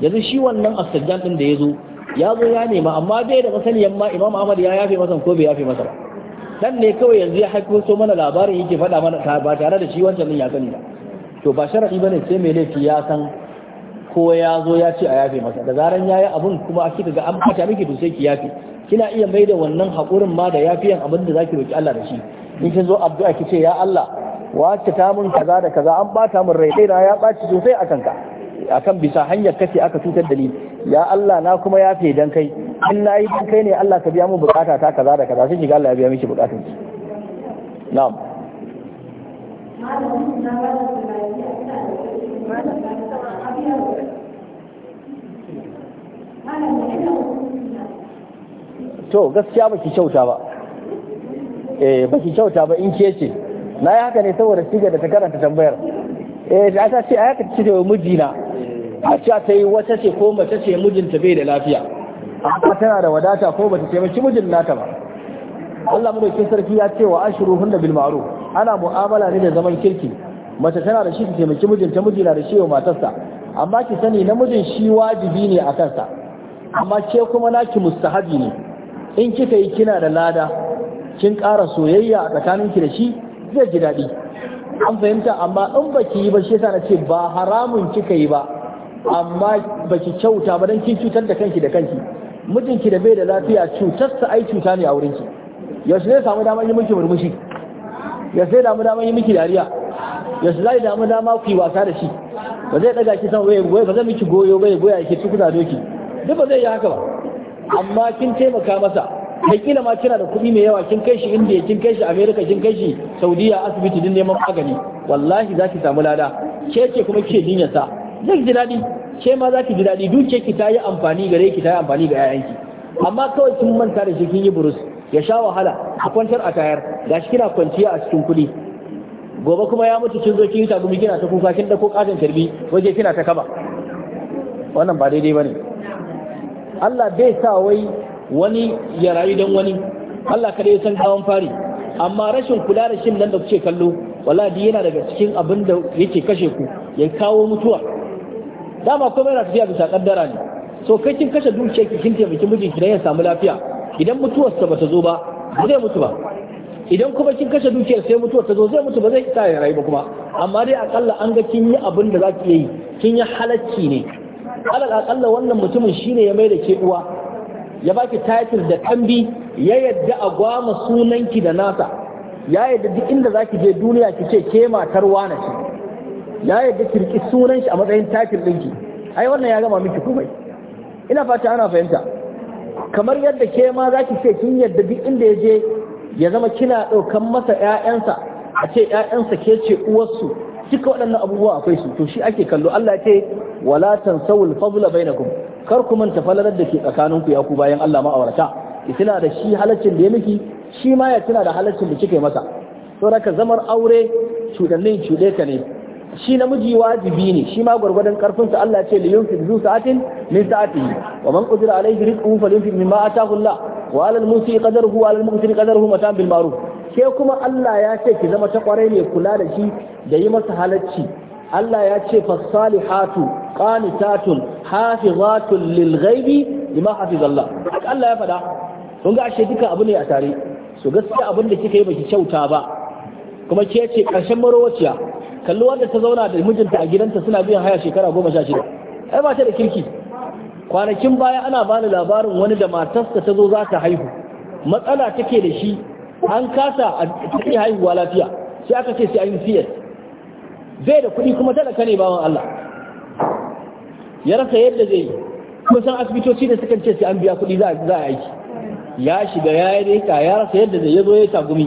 yanzu shi wannan astajjan din da ya zo ya zo ya nema amma bai da masaniyan ma Imam Ahmad ya yafe masa ko bai yafe masa ba dan ne kawai yanzu ya haƙo so mana labarin yake faɗa mana ba tare da shi wancan din ya sani ba to ba sharadi bane sai mai laifi ya san ko ya zo ya ce a yafe masa da zaran yayi abun kuma ake ga an fata miki to sai ki yafe kina iya mai da wannan haƙurin ma da yafiyan abin da zaki roki Allah da shi in kin zo addu'a ki ce ya Allah wace ta mun kaza da kaza an bata mun rai na ya baci sosai a ka akan bisa hanyar kace aka cutar da ni ya Allah na kuma yafe dan kai in nayi dan kai ne Allah ka biya mu bukata ta kaza da kaza sai ki ga Allah ya biya miki bukatun ki na'am malamin na to gaskiya baki kyauta ba eh baki kyauta ba in ke ce na yi haka ne saboda shiga da ta karanta tambayar eh da ta ce a ce da mijina a ce ta yi wata ce ko mace ce mijinta bai da lafiya amma tana da wadata ko bata ce mace mijin nata ba Allah madaukakin sarki ya ce wa hunna bil ma'ruf ana mu'amala ne da zaman kirki mace tana da shi ta taimaki mijinta mijina da shi wa matarsa amma ki sani namijin shi wajibi ne a kansa amma ke kuma naki mustahabi ne in kika yi kina da lada kin ƙara soyayya a tsakaninki da shi zai ji daɗi an fahimta amma in baki yi ba shi yasa na ce ba haramun kika yi ba amma baki kyauta ba dan kin cutar da kanki da kanki mijinki da bai da lafiya cutar sa ai cuta ne a wurin ki yaushe zai samu damar yi miki murmushi yaushe zai damu damar yi miki dariya yaushe zai damu dama ku yi wasa da shi ba zai daga ki san waye ba zai miki goyo ba goya ki tukuna doki duk ba zai yi haka ba amma kin taimaka masa kai ma kina da kuɗi mai yawa kin kai shi indiya kin kai shi america kin kai shi saudiya asibiti din neman magani wallahi za ki samu lada ke ce kuma ke jinyarsa zai ji daɗi ke ma za ki ji daɗi duke ki ta yi amfani gare ki ta yi amfani ga 'ya'yanki amma kawai kin manta da shi kin yi burus ya sha wahala a kwantar a tayar gashi kina kwanciya a cikin kuɗi gobe kuma ya mutu kin zo kin yi tagumi kina ta kuka kin dauko katin tarbi waje kina ta kaba wannan ba daidai bane Allah bai sa wai wani ya rayu don wani Allah kada ya san gawan fari amma rashin kula da shin nan da kuke kallo wallahi yana daga cikin abin da yake kashe ku ya kawo mutuwa dama komai na tafiya bisa kaddara ne so kai kin kashe dukiyar ki kin taimaki mijinki dan ya samu lafiya idan mutuwarsa bata zo ba zai mutu ba idan kuma kin kashe dukiyar sai mutuwar ta zo zai mutu ba zai tsaya rayu ba kuma amma dai akalla an ga kin yi abin da za yi kin yi halacci ne alal akalla wannan mutumin shine ya mai da ke uwa ya baki title da tambi ya yadda a gwama sunanki da nasa ya yadda duk inda zaki je duniya ki ce ke matar wana ce ya yadda ki sunan shi a matsayin title ɗinki ai wannan ya gama miki komai ina fata ana fahimta kamar yadda ke ma zaki ce kin yadda duk inda ya je ya zama kina ɗaukan masa ƴaƴansa a ce ƴaƴansa ke ce uwarsu duka waɗannan abubuwa akwai su to shi ake kallo Allah ce wala tansawul fadla bainakum kar ku manta falalar da ke tsakaninku ya ku bayan Allah ma'aurata ki tuna da shi halaccin da ya miki shi ma ya tuna da halaccin da kika masa to raka zamar aure cudannin cuɗe ka ne shi namiji wajibi ne shi ma gwargwadon karfin sa Allah ce li yunfiq zu sa'atin min sa'atihi wa man qadira alayhi rizquhu falyunfiq mimma ataahu Allah wa alal musi qadaruhu wa alal muqtir qadaruhu mata bil ma'ruf ke kuma Allah ya ce ki zama ta kwarai ne kula da shi da yi masa halacci Allah ya ce fasalihatu qanitatun hafizatun lil ghaibi lima hafizallah Allah ya faɗa kun ga ashe duka abu ne a tare so gaskiya abin da kika yi baki kyauta ba kuma ke ce karshen marowaciya kalli wanda ta zauna da mijinta a gidanta suna biyan haya shekara goma sha shida ai ba ta da kirki kwanakin baya ana bani labarin wani da matarsa ta zo za ta haihu matsala take da shi an kasa a cikin haihuwa lafiya sai aka ce sai an siyar zai da kuɗi kuma talaka ne bawan Allah ya rasa yadda zai yi san asibitoci da suka ce sai an biya kuɗi za a aiki ya shiga ya yi rika ya rasa yadda zai ya zo ya tagumi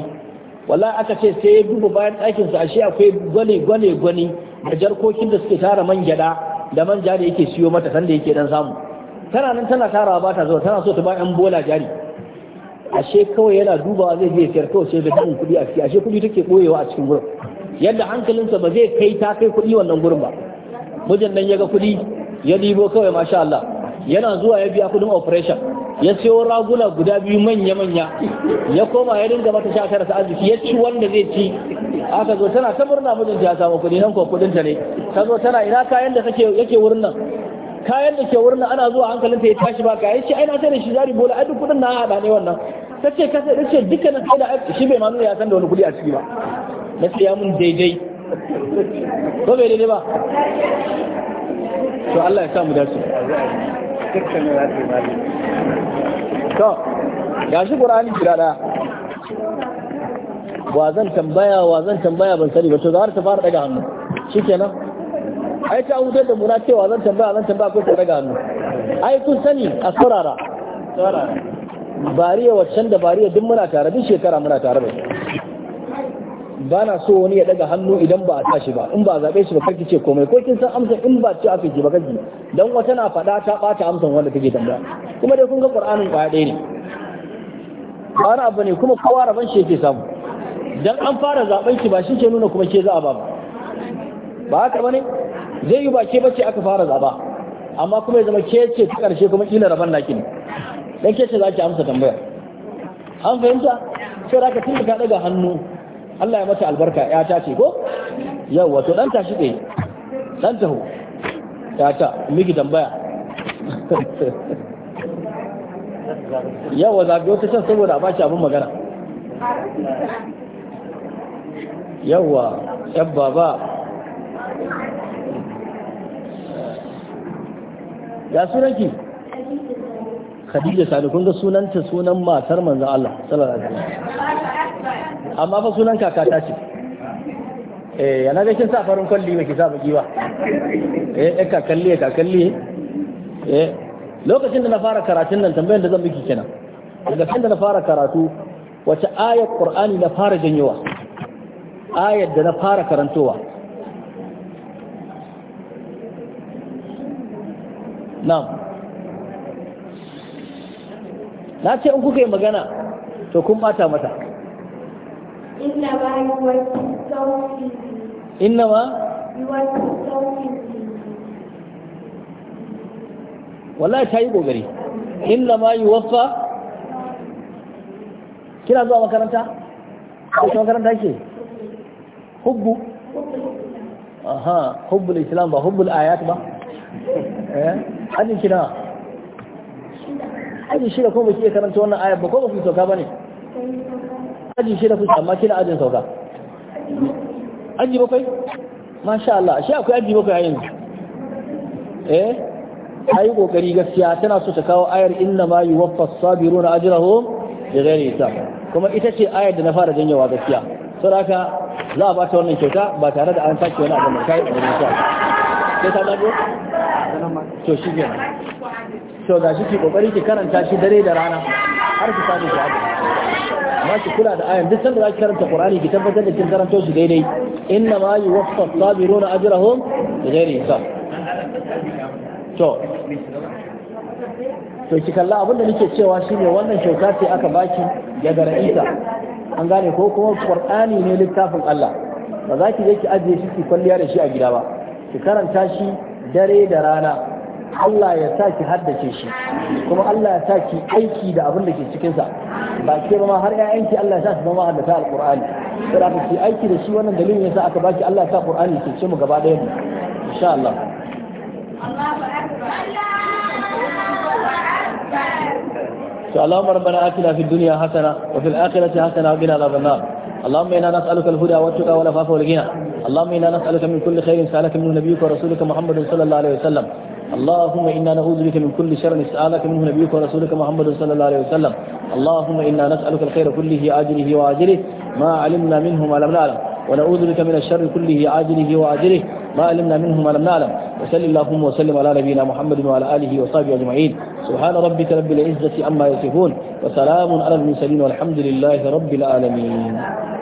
wala aka ce sai ya duba bayan ɗakinsa ashe akwai gwane gwane gwani da jarkokin da suke tara man gyada da manja da yake siyo mata sanda yake dan samu tana nan tana tarawa ba ta zuwa tana so ta ba yan bola jari ashe kawai yana dubawa zai je fiyar kawai sai da duhun kuɗi a ciki ashe kuɗi take ɓoyewa a cikin gurin yadda hankalinsa ba zai kai ta kai kuɗi wannan gurin ba mijin nan ya ga kuɗi ya ɗibo kawai masha Allah yana zuwa ya biya kuɗin operation ya siyo raguna guda biyu manya-manya ya koma ya dinga mata shakar ta arziki ya ci wanda zai ci aka zo tana ta murna mijin ya samu kuɗi nan ko ta ne ta zo tana ina kayan da yake wurin nan kayan da ke wurin ana zuwa hankalin ta ya tashi ba ka yace ai na sai da shi jari bola ai duk kudin na hada ne wannan tace ka sai dace na sai da shi bai ma nuna ya san da wani kudi a ciki ba na sai ya mun daidai ko bai daidai ba to Allah ya sa mu dace to ga shi Qur'ani kira da wa zan tambaya wa zan tambaya ban sani ba to za ta fara daga hannu shikenan ai ta hutar da muna cewa zan tambaya zan tambaya ko ta daga hannu ai kun sani a saurara bariya waccan da bariya duk muna tare duk shekara muna tare da ba na so wani ya daga hannu idan ba a tashi ba in ba a zaɓe shi ba karki ce komai ko kin san amsa in ba ce aka ji ba karki dan wata na faɗa ta ɓata amsan wanda take tambaya kuma dai kun ga qur'anin ba ɗaya ne ba wani abu ne kuma kowa rabon shi yake samu dan an fara zaben ki ba shi ke nuna kuma ke za a ba ba haka bane zai yi ba ke bace aka fara zaba amma kuma ya zama ke ce ta karshe kuma kila raban naki ne dan ke ce za ki amsa tambaya. an fahimta sai da aka tun da ka daga hannu Allah ya mata albarka ya ta ce ko yawa to dan tashi ɗaya dan taho ya ta miki tambaya yawa zabi wata can saboda a shi abin magana yauwa yabba ba ya ki? Khadija Sani kun ga sunanta sunan matar manzo Allah sallallahu alaihi wasallam amma fa sunan kakata ce eh yana da kin sa farin kwalli ba ki sa baki ba eh kalli eh, kakalli kakalli eh lokacin da na fara karatun nan tambayar da zan miki kenan daga kan da na fara karatu wace ayar Qur'ani na fara janyowa ayar da na fara karantowa na'am na ce in kuka yi magana to kun bata mata inna ma wala ta yi ƙoƙari inna ma yi waffa kina zuwa makaranta? kusa makaranta ke? hubbu aha hubbul islam ba hubbul ayat ba? [laughs] eh ajin ki nawa ajin shida ko baki iya karanta wannan ayar ba ko ba sauka ba ne ajin shida ku amma kina ajin sauka aji bakwai masha Allah shi akwai aji bakwai a yanzu eh ai kokari gaskiya tana so ta kawo ayar inna ma yuwaffa sabiruna ajrahum bi ghairi hisab kuma ita ce ayar da na fara janyawa gaskiya saboda haka za a ba ta wannan kyauta ba tare da an sake wani abu mai kai da insha Allah sai ta dago to shi ke to ga shi ke kokari ki karanta shi dare da rana har ki samu shahada amma ki kula da ayan duk sanda za ki karanta qur'ani ki tabbatar da kin karanto shi daidai inna ma yuwaffa as-sabiruna ajrahum bighairi hisab to to ki kalla abin da nake cewa shine wannan kyauta ce aka baki ya gara'ita an gane ko kuma qur'ani ne littafin Allah ba za ki je ki ajiye shi ki kwalliya da shi a gida ba ki karanta shi dare da rana Allah ya sa ki haddace shi kuma Allah ya sa ki aiki da abin da ke cikin sa ba ke ba ma har ƴaƴanki Allah ya sa su zama haddata alqur'ani sai aka ki aiki da shi wannan dalilin yasa aka baki Allah ya sa qur'ani ke ce mu gaba ɗaya mu insha Allah اللهم ربنا آتنا في الدنيا حسنة وفي الآخرة حسنة وقنا عذاب النار اللهم إنا نسألك الهدى والتقى والعفاف والغنى اللهم إنا نسألك من كل خير سألك منه نبيك ورسولك محمد صلى الله عليه وسلم اللهم إنا نعوذ بك من كل شر نسألك منه نبيك ورسولك محمد صلى الله عليه وسلم اللهم إنا نسألك الخير كله عاجله وآجله ما علمنا منه ما لم نعلم ونعوذ بك من الشر كله عاجله وآجله ما علمنا منه ما لم نعلم وسل اللهم وسلم على نبينا محمد وعلى آله وصحبه أجمعين سبحان ربك رب العزة عما يصفون وسلام على المرسلين والحمد لله رب العالمين